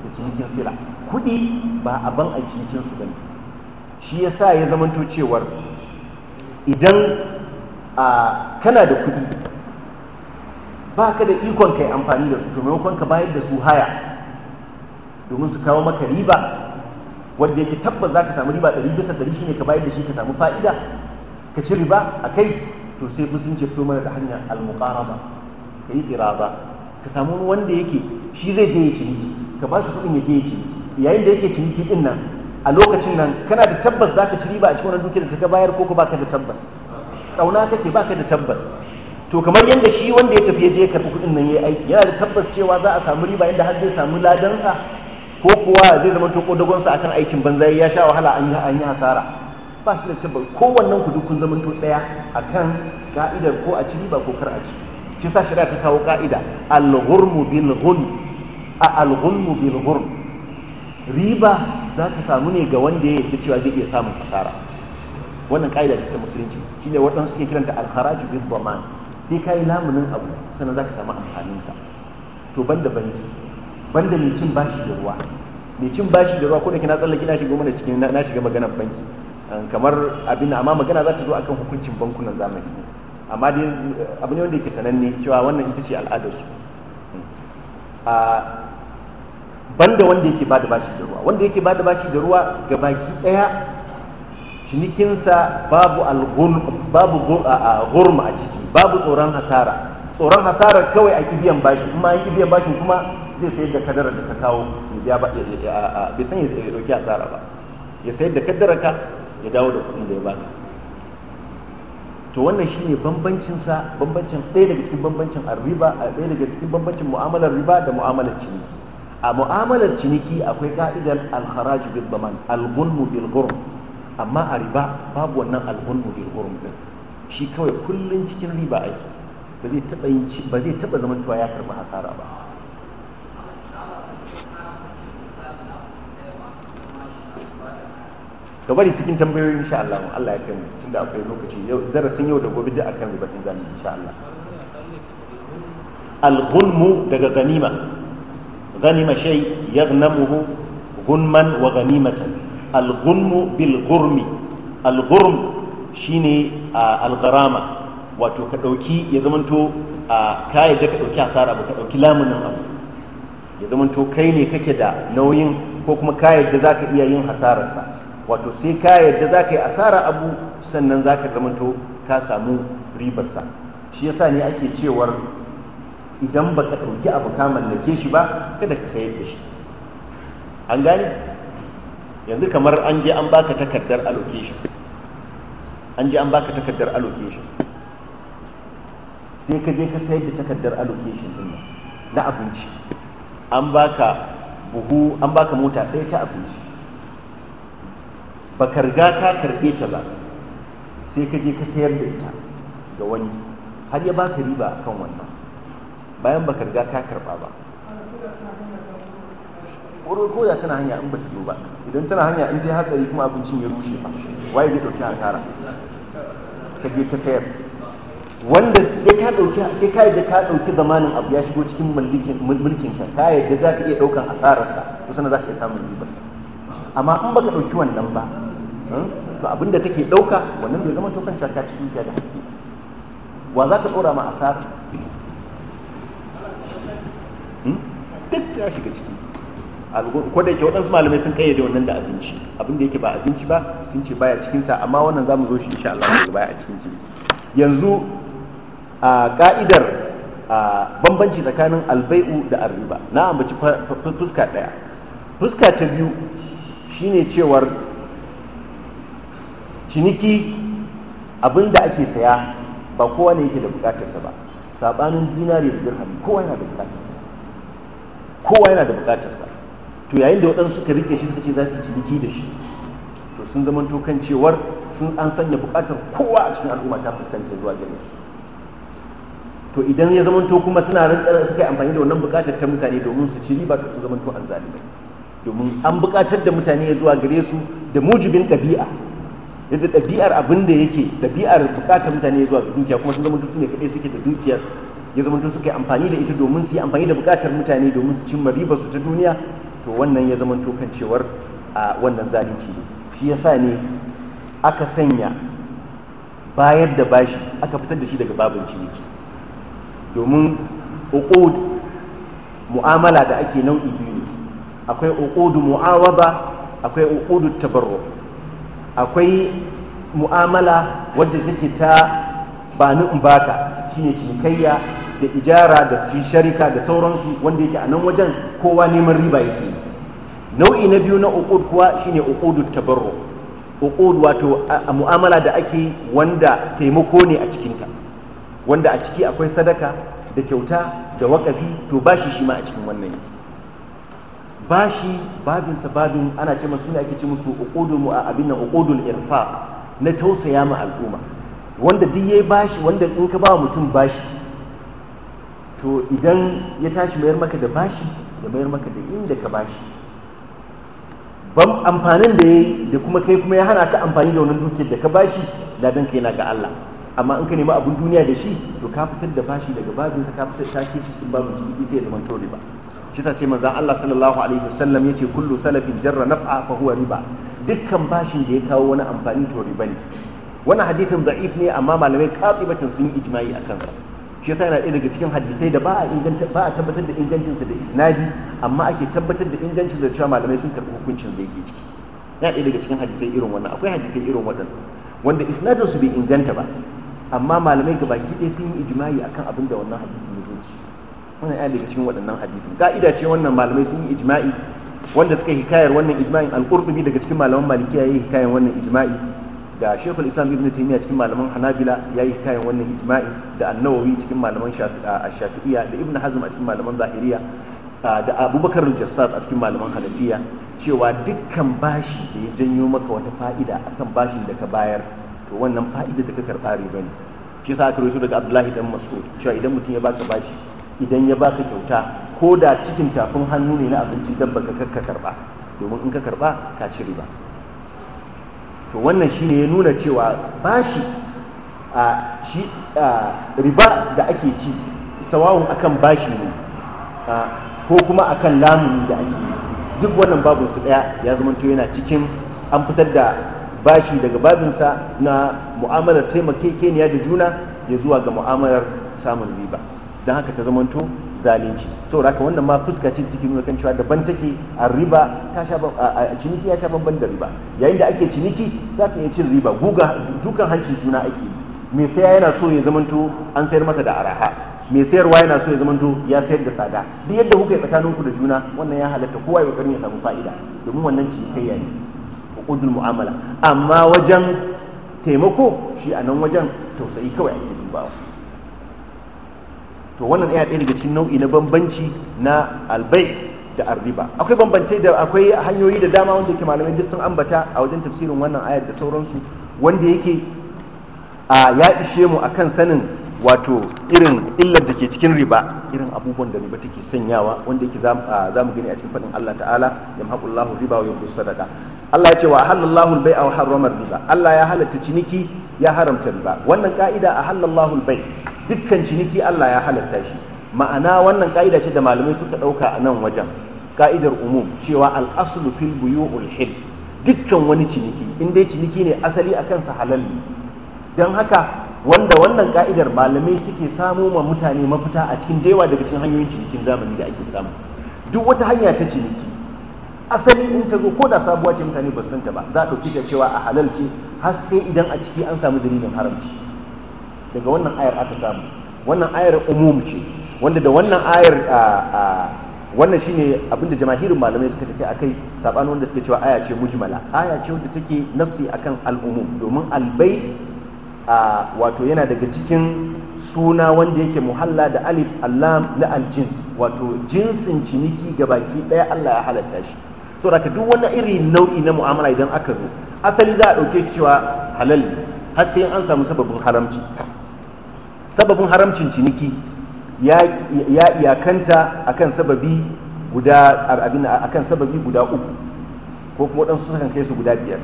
Speaker 1: da cinikin sila kuɗi ba a ban a cinikin su bane shi ya sa ya zamanto cewar idan kana da kuɗi ba ka da ikon kai amfani da su to maimakon ka bayar da su haya domin su kawo maka riba wanda yake tabbas za ka samu riba ɗari bisa ɗari shi ne ka bayar da shi ka samu fa'ida ka ci riba a kai to sai musulunci fito mana da hanyar almuqaraba ka yi ƙiraba ka samu wanda yake shi zai je ya ciniki ka ba shi kuɗin ya je ya ciniki yayin da yake ciniki ɗin nan a lokacin nan kana da tabbas za ka ci riba a cikin wannan dukiyar da ta bayar ko ka da tabbas ƙauna kake ka da tabbas to kamar yadda shi wanda ya tafi ya je ya kuɗin nan ya yi aiki yana da tabbas cewa za a samu riba yadda har zai samu ladansa ko kuwa zai zama to kodagonsa akan aikin banza ya sha wahala an yi an yi hasara ba shi da tabbas kowannen ku kun zama to ɗaya akan ka'idar ko a ci riba ko kar a ci shi sa shari'a ta kawo ka'ida al-ghurmu bil ghun a al-ghulmu bil ghurm riba za ka samu ne ga wanda ya yarda cewa zai iya samun hasara wannan ka'ida ta musulunci shine waɗansu suke kiranta al-haraju bil dhaman sai ka yi lamunin abu sannan za ka samu amfaninsa to ban da banki ban da mecin bashi da ruwa mecin cin bashi da ruwa ko da na tsallake na shiga mana cikin na shiga maganar banki kamar abin amma magana za ta zo akan hukuncin bankunan zamani amma dai eh, abu ne wanda yake sananne cewa wannan ita ce al'adarsu hmm. banda wanda yake bada bashi da ruwa wanda yake bada bashi da ruwa ga baki daya cinikinsa babu babu gurma a ciki babu tsoron hasara tsoron hasara kawai a kibiyan bashi kuma a kibiyan bashi kuma zai sayar da kadara da ta kawo ya ba a bisan ya dauki hasara ba ya sayar da kadara ka ya dawo da kuɗin da ya baka to wannan shine bambancin sa bambancin ɗaya daga cikin bambancin riba a ɗaya daga cikin bambancin mu'amalar riba da mu'amalar ciniki a mu'amalar ciniki akwai ka'idar al-kharaj bil baman al-ghulm bil ghurm amma a riba babu wannan alhulmu bil hurum din shi kawai kullun cikin riba ake ba zai taba yin ba zai taba tuwa ya karba hasara ba ka bari cikin tambayoyi insha Allah Allah ya kai mu tunda akwai lokaci yau darasin yau da gobe da akan riba din zamu insha Allah al-ghulmu daga ganima ganima shay yaghnamuhu gunman wa ghanimatan al-ghunmu bil ghurmi al-ghurm shine al-gharama wato ka dauki ya zamanto ka yadda ka dauki asara ba ka dauki lamunin abu ya zamanto kai ne kake da nauyin ko kuma ka yadda zaka iya yin hasararsa wato sai ka yadda zaka yi asara abu sannan zaka zamanto ka samu ribarsa shi yasa ne ake cewar idan baka dauki abu ka mallake shi ba kada ka sayar da shi an gane yanzu kamar an je an baka takardar allocation an je an baka takardar allocation sai ka je ka sayar da takardar allocation din nan na abinci an baka buhu an baka mota ɗaya ta abinci ba karga ka karɓe ta ba sai ka je ka sayar da ita ga wani har ya baka riba akan wannan bayan ba karga ka karɓa ba ko ko ya tana hanya in ba ta zo ba idan tana hanya in ta yi hatsari kuma abincin ya rushe ba waye zai ɗauki hasara ka je ka sayar wanda sai ka ɗauki sai ka yadda ka ɗauki zamanin abu ya shigo cikin mulkin ka ka yadda za ka iya ɗaukan asararsa to sannan za ka iya samun ribarsa amma in baka ɗauki wannan ba hmm, to abin da take ɗauka wannan bai zama tokan ka cikin dukiya da haƙƙi wa za ka ɗora ma asara hmm? duk ya shiga ciki ko da yake waɗansu malamai sun kayyade wannan da abinci abin da yake ba abinci ba sun ce baya cikin sa amma wannan zamu zo shi insha Allah baya a cikin ciniki yanzu a ka'idar bambanci tsakanin albai'u da arriba na ambaci fuska ɗaya fuska ta biyu shine cewar ciniki abin da ake saya ba kowa ne yake da sa ba sabanin dinari da dirham kowa yana da sa kowa yana da sa to yayin da waɗansu suka rike shi suka ce za su yi ciniki da shi to sun zama kan cewar sun an sanya buƙatar kowa a cikin al'umma ta fuskanta zuwa gare shi to idan ya zama to kuma suna suka yi amfani da wannan buƙatar ta mutane domin su ci riba to sun zama to azzalimai domin an buƙatar da mutane ya zuwa gare su da mujibin ɗabi'a yadda ɗabi'ar abin da yake ɗabi'ar buƙatar mutane ya zuwa ga dukiya kuma sun zama to su ne kaɗai suke da dukiyar ya zama to suka yi amfani da ita domin su yi amfani da buƙatar mutane domin su cimma ribar su ta duniya to wannan ya zama kan cewar a wannan zalunci ne shi yasa ne aka sanya bayar da bashi aka fitar da shi daga babin ciniki domin uqud mu'amala da ake nau'i biyu ne akwai uqud mu'awaba akwai uqud tabarru akwai mu'amala wadda take ta ba ni in baka shine cinikayya da ijara da su sharika da sauransu wanda yake a nan wajen kowa neman riba yake nau'i na biyu na uqud kuwa shine uqudut tabarru uqud wato mu'amala da ake wanda taimako ne a cikinta wanda a ciki akwai sadaka da kyauta da wakafi to bashi shi ma a cikin wannan yake bashi babin sababin ana ce mutum ake ce mutu uqudul abin nan uqudul irfa na tausaya ma al'umma wanda duk yayi bashi wanda in ka ba mutum bashi to idan ya tashi mayar maka da bashi da mayar maka da inda ka bashi ban amfanin da ya da kuma kai kuma ya hana ka amfani da wani dukiyar da ka bashi ladan kai yana ga Allah amma in ka nemi abin duniya da shi to ka fitar da bashi daga babinsa ka fitar ta ke cikin babin ciniki sai ya zama to riba shi sa sai manzan Allah sallallahu alaihi wasallam ce kullu salafin jarra naf'a fa riba dukkan bashin da ya kawo wani amfani to riba ne wannan hadithin da'if ne amma malamai batun sun yi ijma'i a sa shi yasa yana daya daga cikin hadisai da ba a inganta ba a tabbatar da ingancinsa da isnadi amma ake tabbatar da ingancin da cewa malamai sun karɓi hukuncin da yake ciki yana daya daga cikin hadisai irin wannan akwai hadisai irin waɗannan wanda isnadin su bai inganta ba amma malamai ga baki ɗaya sun yi ijma'i akan abin da wannan hadisi ya zo wannan yana daga cikin waɗannan hadisi ka'ida ce wannan malamai sun yi ijma'i wanda suka hikayar wannan ijima'i al-qurtubi daga cikin malaman malikiya yi hikayar wannan ijima'i. da shekul islam ibn taimiyya cikin malaman hanabila ya yi kayan wannan ijma'i da annawawi cikin malaman shafi'iya da ibn hazm a cikin malaman zahiriya da abubakar jassas a cikin malaman hanafiya cewa dukkan bashi da ya janyo maka wata fa'ida akan bashin da ka bayar to wannan fa'ida da ka karɓa riba ne shi yasa aka rawaito daga abdullahi dan mas'ud cewa idan mutum ya baka bashi idan ya baka kyauta ko da cikin tafin hannu ne na abinci dabba ka karba domin in ka karba ka ci riba to wannan ne ya nuna cewa bashi a shi riba da ake ci sawawun akan bashi ne ko kuma akan lamuni da ake yi duk wannan babin su daya ya zamanto yana cikin an fitar da bashi daga babinsa na mu'amalar taimakekeniya da juna ya zuwa ga mu'amalar samun riba don haka ta zamanto zalunci saboda haka wannan ma fuska ce cikin nuna kan cewa daban take a riba ta sha a ciniki ya sha banban da riba yayin da ake ciniki za ka iya cin riba guga dukan hancin juna ake mai saya yana so ya zamanto an sayar masa da araha mai sayarwa yana so ya zamanto ya sayar da tsada duk yadda kuka yi tsakaninku da juna wannan ya halatta kowa ya kokarin ya samu fa'ida domin wannan cinikayya ne hukudul mu'amala amma wajen taimako shi a nan wajen tausayi kawai ake dubawa to wannan yana ɗaya daga cikin nau'i na bambanci na albai da arriba akwai bambance da akwai hanyoyi da dama wanda yake malamai duk sun ambata a wajen tafsirin wannan ayar da sauransu wanda yake a ya ishe mu akan sanin wato irin illar da ke cikin riba irin abubuwan da riba take sanyawa wanda yake za mu gani a cikin faɗin Allah ta'ala ya yamhaqullahu riba wa yurbi sadaka Allah ya ce wa halallahu bai a wa riba Allah ya halatta ciniki ya haramta riba wannan ka'ida a halallahu bai dukkan ciniki Allah ya halatta shi ma'ana wannan ka'ida ce da malamai suka ɗauka a nan wajen ka'idar umum cewa al'aslu fil buyu'ul hil dukkan wani ciniki in dai ciniki ne asali a kansa halal ne don haka wanda wannan ka'idar malamai suke samo ma mutane mafita a cikin daiwa daga cikin hanyoyin cinikin zamani da ake samu duk wata hanya ta ciniki asali in ta zo ko da sabuwa ce mutane ba su ta ba za a ɗauki ta cewa a halal ce har sai idan a ciki an samu dalilin haramci daga wannan ayar aka samu wannan ayar umum ce wanda da wannan ayar wannan shine abinda jamahirin malamai suka tafi a kai sabanin wanda suke cewa aya ce mujmala aya ce wanda take nassi akan al'umum domin albai wato yana daga cikin suna wanda yake muhalla da alif allam na aljins wato jinsin ciniki ga baki ɗaya Allah ya halatta shi so da duk wani iri nau'i na mu'amala idan aka zo asali za a ɗauke cewa halal har sai an samu sababin haramci sababin haramcin ciniki ya iyakanta akan sababi guda abin akan sababi guda uku ko kuma waɗansu sukan kai su guda biyar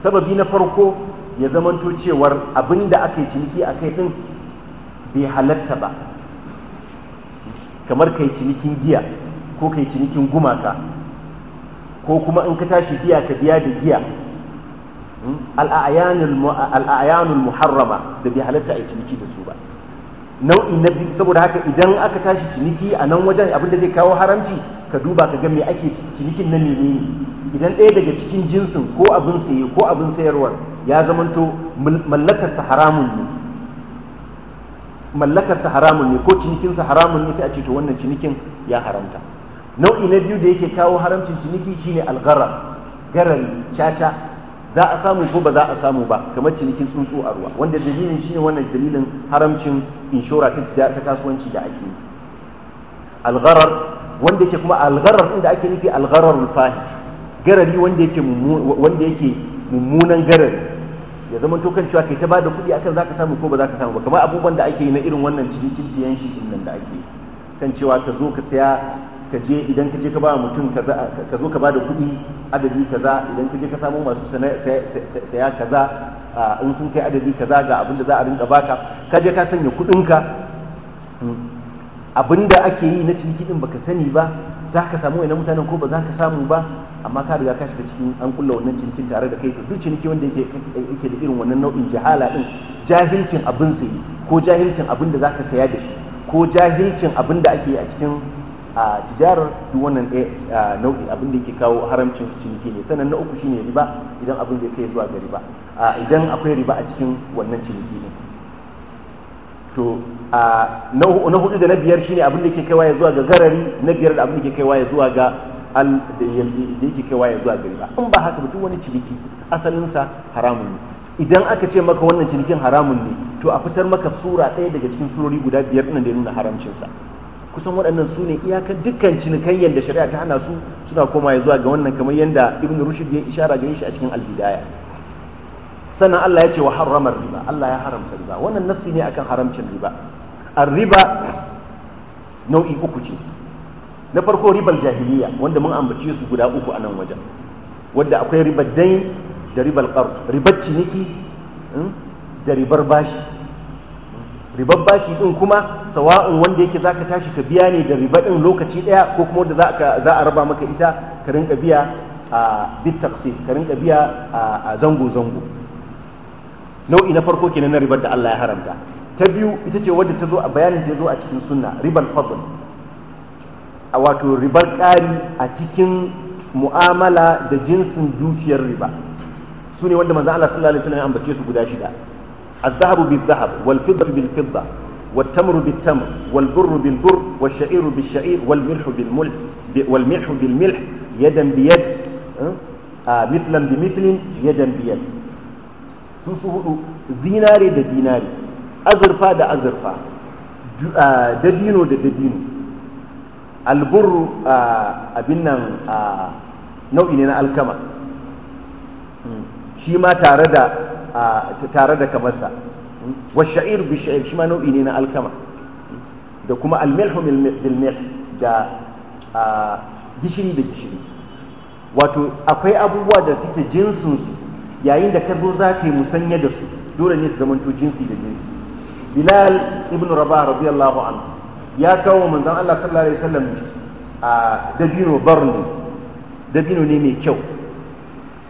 Speaker 1: sababi na farko ya zamanto cewar abin da aka yi ciniki a kai ɗin bai halatta ba kamar kai cinikin giya ko kai cinikin gumaka ko kuma in ka tashi giya ka biya da giya al'ayanul muharrama da bai halatta a ciniki da su ba nau'i na biyu saboda haka idan aka tashi ciniki a nan wajen abin da zai kawo haramci ka duba ka ga me ake cinikin na ne idan ɗaya daga cikin jinsin ko abin saye ko abin sayarwar ya zamanto mallakarsa haramun ne mallakarsa haramun ne ko cinikinsa haramun ne sai a ce to wannan cinikin ya haramta nau'i na biyu da yake kawo haramcin ciniki shine algara garar caca za a samu ko ba za a samu ba kamar cinikin tsuntsu a ruwa wanda dalilin shine wannan dalilin haramcin inshora ta ta kasuwanci da ake yi algharar wanda yake kuma algharar inda ake nufi alghararul fahij garari wanda yake wanda yake mummunan garari ya zama to kan cewa kai ta bada kuɗi akan zaka samu ko ba zaka samu ba kamar abubuwan da ake yi na irin wannan cinikin tiyan shi din nan da ake kan cewa ka zo ka saya ka je idan ka je ka ba mutum ka zo ka ba da kuɗi adadi kaza idan ka je ka samu masu saya kaza in sun kai adadi kaza ga abin da za a rinka baka ka je ka sanya kuɗinka hmm. abin da ake yi na ciniki din baka sani ba za ka samu wani mutanen ko ba za ka samu ba amma ka riga ka shiga cikin an kulla wannan cinikin tare da kai to duk ciniki wanda yake yake da irin wannan nau'in jahala din jahilcin abin sayi ko jahilcin abin da za saya da shi ko jahilcin abin da ake yi a cikin a tijarar duk wannan eh, nau'i abin da yake kawo haramcin ciniki ne sannan na uku shine riba idan abin zai kai zuwa ga riba idan akwai riba a cikin wannan ciniki ne to na hudu da na biyar shine abin da yake kaiwa ya zuwa ga garari na biyar da abin da yake kaiwa ya zuwa ga al da yake kaiwa ya zuwa ga riba in ba haka ba duk wani ciniki asalinsa haramun ne idan aka ce maka wannan cinikin haramun ne to a fitar maka sura ɗaya daga cikin surori guda biyar ɗin da ya nuna haramcinsa kusan waɗannan su ne iyakar dukkan cinikayyar da shari'a ta hana su suna koma zuwa ga wannan kamar yadda ibn rushd ya ishara gare shi a cikin albidaya. sannan Allah ya ce wa harramar riba Allah ya haramta riba wannan nassi ne akan haramcin riba A riba nau'i uku ce na farko ribar jahiliya wanda mun ambace su guda uku a nan wajen wadda akwai ribar dain da ribar qard ribar ciniki hmm, da ribar bashi ribar bashi din kuma sawa'un wanda yake zaka tashi ka biya ne da riba din lokaci daya ko kuma wanda za a raba maka ita ka rinka biya a bit taxi ka rinka biya a zango zango nau'i na farko kenan na ribar da Allah ya haramta ta biyu ita ce wadda ta zo a bayanin ta zo a cikin sunna ribar fadl a wato ribar ƙari a cikin mu'amala da jinsin dukiyar riba su ne wanda manzo Allah sallallahu alaihi wasallam ya ambace su guda shida الذهب بالذهب والفضة بالفضة والتمر بالتمر والبر بالبر والشعير بالشعير والملح بالملح والملح بالملح يدا بيد اه؟ آه، مثلا بمثل يدا بيد su su hudu zinare da zinare azurfa da azurfa dabino da dabino alburu شيما تاردا tare da kamarsa wa sha'ir bi sha'ir shi ma nau'i ne na alkama da kuma almilhu bil milh da gishiri da gishiri wato akwai abubuwa da suke jinsinsu su yayin da ka zo za ka yi musanya da su dole ne su zamanto jinsi da jinsi bilal ibn rabah radiyallahu anhu ya kawo manzon Allah sallallahu alaihi wasallam a dabino barno dabino ne mai kyau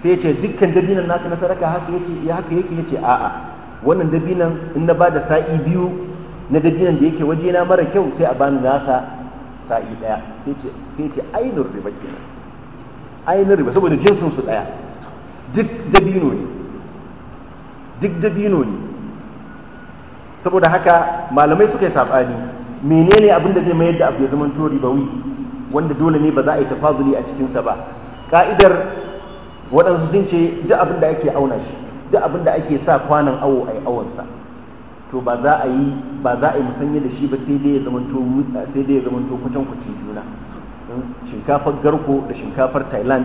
Speaker 1: sai ce dukkan dabinan naka na sadaka haka yake ya haka yake yace a'a wannan dabinan in na bada sa'i biyu na dabinan da yake waje na mara kyau sai a bani nasa sa'i daya sai ce sai ce ainur riba kenan ainur riba saboda jinsin su daya duk dabino ne duk dabino ne saboda haka malamai suka yi sabani menene abin da zai mayar da abu ya zama to ribawi wanda dole ne ba za a yi tafazuli a cikinsa ba ka'idar waɗansu sun ce duk abin da ake auna shi duk abin da ake sa kwanan awo a yi awonsa to ba za a yi ba za a yi musanya da shi ba sai dai ya zamanto sai dai ya zamanto kucin kuci juna shinkafar garko da shinkafar thailand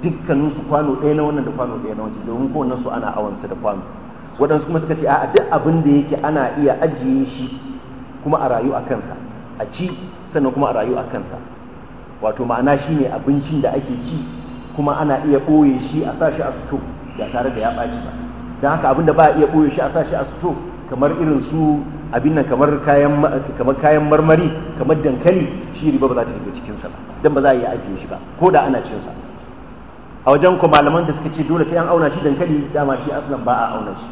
Speaker 1: dukkanin su kwano ɗaya na wannan da kwano ɗaya na wancan domin ko su ana awansa da kwano waɗansu kuma suka ce a duk abin da yake ana iya ajiye shi kuma a rayu a kansa a ci sannan kuma a rayu a kansa wato ma'ana shine abincin da ake ci kuma ana iya ɓoye shi a sashi a suto ba tare da ya ɓaci ba don haka abinda ba a iya ɓoye shi a sashi a suto kamar irin su abin nan kamar kayan marmari kamar dankali shi riba ba za ta shiga cikinsa ba. don ba za a yi ajiye shi ba ko da ana cinsa? a wajen ko malaman da suka ce dole sai an auna shi dankali dama shi aslan ba a auna shi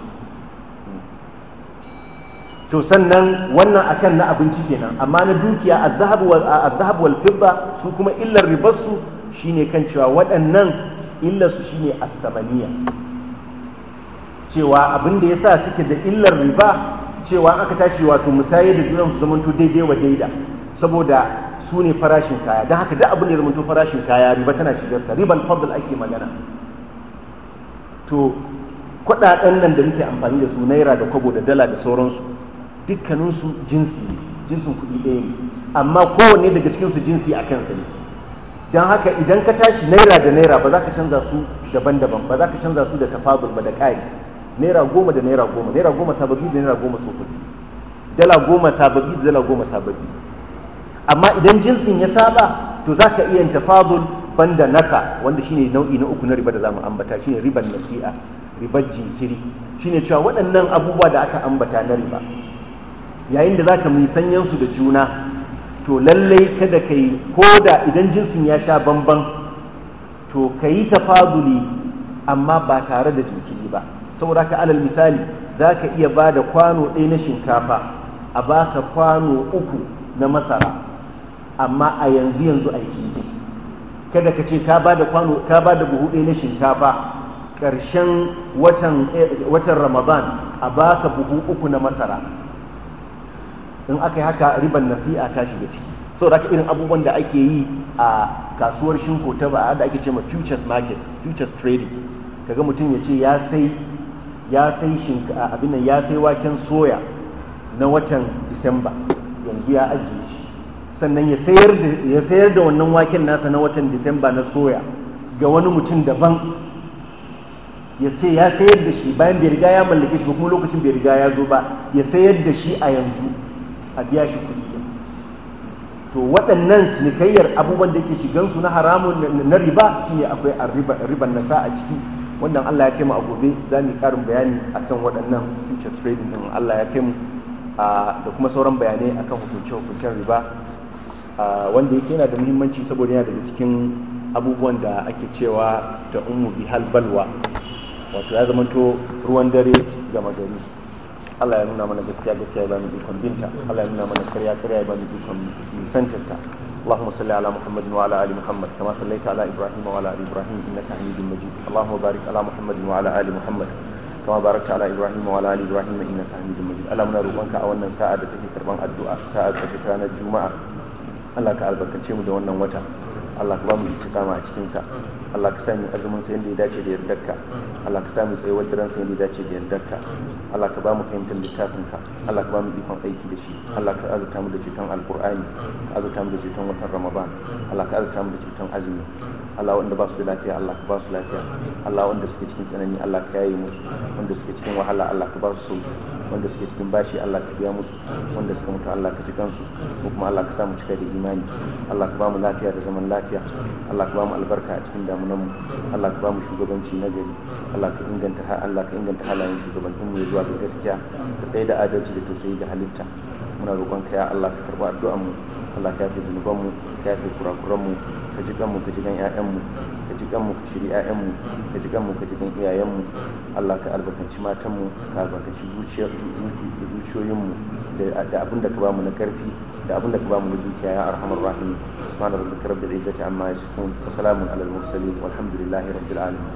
Speaker 1: to sannan wannan akan na abinci kenan amma na dukiya a zahabu wal fibba su kuma illar ribar su Shi ne kan cewa waɗannan illarsu shi shine asamaniya cewa abin da ya sa suke da illar riba cewa aka tashi wato musaye da juna su zamanto daidai wa daida saboda su ne farashin kaya don haka da abin da ya zamanto farashin kaya riba tana shigarsa riban fadl ake magana to kuɗaɗen nan da muke amfani da su naira da kwabo da dala da sauransu dukkaninsu jinsi jinsin kuɗi ɗaya ne amma kowanne daga cikinsu jinsi a kansa ne don haka idan ka tashi naira da naira ba za ka canza su daban-daban ba za ka canza su da tafabur ba da ƙari naira goma da naira goma naira goma sababbi da naira goma tsofaffi dala goma sababbi da dala goma sababbi amma idan jinsin ya saba to za ka iya tafadul banda nasa wanda shine nau'i na uku na riba da zamu ambata shine riban nasi'a ribar jinkiri shine cewa waɗannan abubuwa da aka ambata na riba yayin da ka musanyan sanyansu da juna to lallai kada ka yi ko da idan jinsin ya sha bamban to ka yi tafaduli amma ba tare da jinkiri ba saboda ka alal misali za ka iya ba da kwano ɗaya na shinkafa a baka kwano uku na masara amma a yanzu yanzu a yi kada ka ce ka ba da buhu ɗaya na shinkafa ƙarshen watan eh, ramadan a baka buhu uku na masara in aka yi haka riban nasi'a ta shiga ciki so da irin abubuwan da ake yi a kasuwar shinko ta ba da ake ce ma futures market futures trading kaga mutum ya ce ya sai ya sai shinka abin nan ya sai waken soya na watan disamba yanzu ya ajiye shi sannan ya sayar da ya sayar da wannan waken nasa na watan disamba na soya ga wani mutum daban ya ce ya sayar da shi bayan bai riga ya mallake shi ba kuma lokacin bai riga ya zo ba ya sayar da shi a yanzu a biya shi kuɗi to waɗannan cinikayyar abubuwan da ke shigansu na haramun na riba ne akwai riban nasa a ciki wannan Allah ya kai mu a gobe za mu yi ƙarin bayani akan waɗannan futures trading ɗin Allah ya kai mu da kuma sauran bayanai akan hukunce-hukuncen riba wanda yake yana da muhimmanci saboda yana daga cikin abubuwan da ake cewa ta umu bihal balwa wato ya zamanto ruwan dare gama gari Allah ya nuna mana gaskiya gaskiya ya bani ikon binta Allah ya nuna mana karya karya ya bani ikon nisantarta اللهم صل على محمد وعلى ال محمد كما صليت على ابراهيم وعلى ال ابراهيم انك حميد مجيد اللهم بارك على محمد وعلى ال محمد كما باركت على ابراهيم وعلى ال ابراهيم انك حميد مجيد اللهم نروقك a wannan sa'a da take karban addu'a sa'a da take ranar juma'a Allah ka albarkace da wannan wata Allah ka ba mu a cikin sa Allah ka sa azumin sa yanda ya dace da yardarka Allah ka sa mu tsayuwar daren sa yanda ya dace da yardarka Allah ka ba mu fahimtar littafin ka Allah ka ba mu ikon aiki da shi Allah ka azurta mu da ceton alkur'ani ka azurta mu da ceton watan ramadan Allah ka azurta mu da ceton azumi Allah wanda ba su da lafiya Allah ka ba su lafiya Allah wanda suke cikin tsanani Allah ka yaye musu wanda suke cikin wahala Allah ka ba su sauki wanda suke cikin bashi Allah ka biya musu wanda suka mutu Allah ka ci kansu ko kuma Allah ka sa cika da imani Allah ka ba mu lafiya da zaman lafiya Allah ka ba mu albarka a cikin damunan mu Allah ka ba mu shugabanci na gari Allah ka inganta ha Allah ka inganta halayen shugabannin mu zuwa ga gaskiya ka sai da adalci da tausayi da halitta muna roƙon ka ya Allah ka karba addu'an mu Allah ka yafe zunuban mu ka yafe kurakuran mu ka ji kanmu ka ji kan ƴaƴan mu ji kanmu ka shiri ƴaƴanmu ka ji kanmu ka ji iyayen iyayenmu Allah ka albarkanci matanmu ka albarkanci zuciyoyinmu da abin da ka bamu na karfi da abin da ka bamu na dukiya ya arhamar rahim subhana rabbika rabbil izzati amma yasifun wa salamun alal mursalin walhamdulillahi rabbil alamin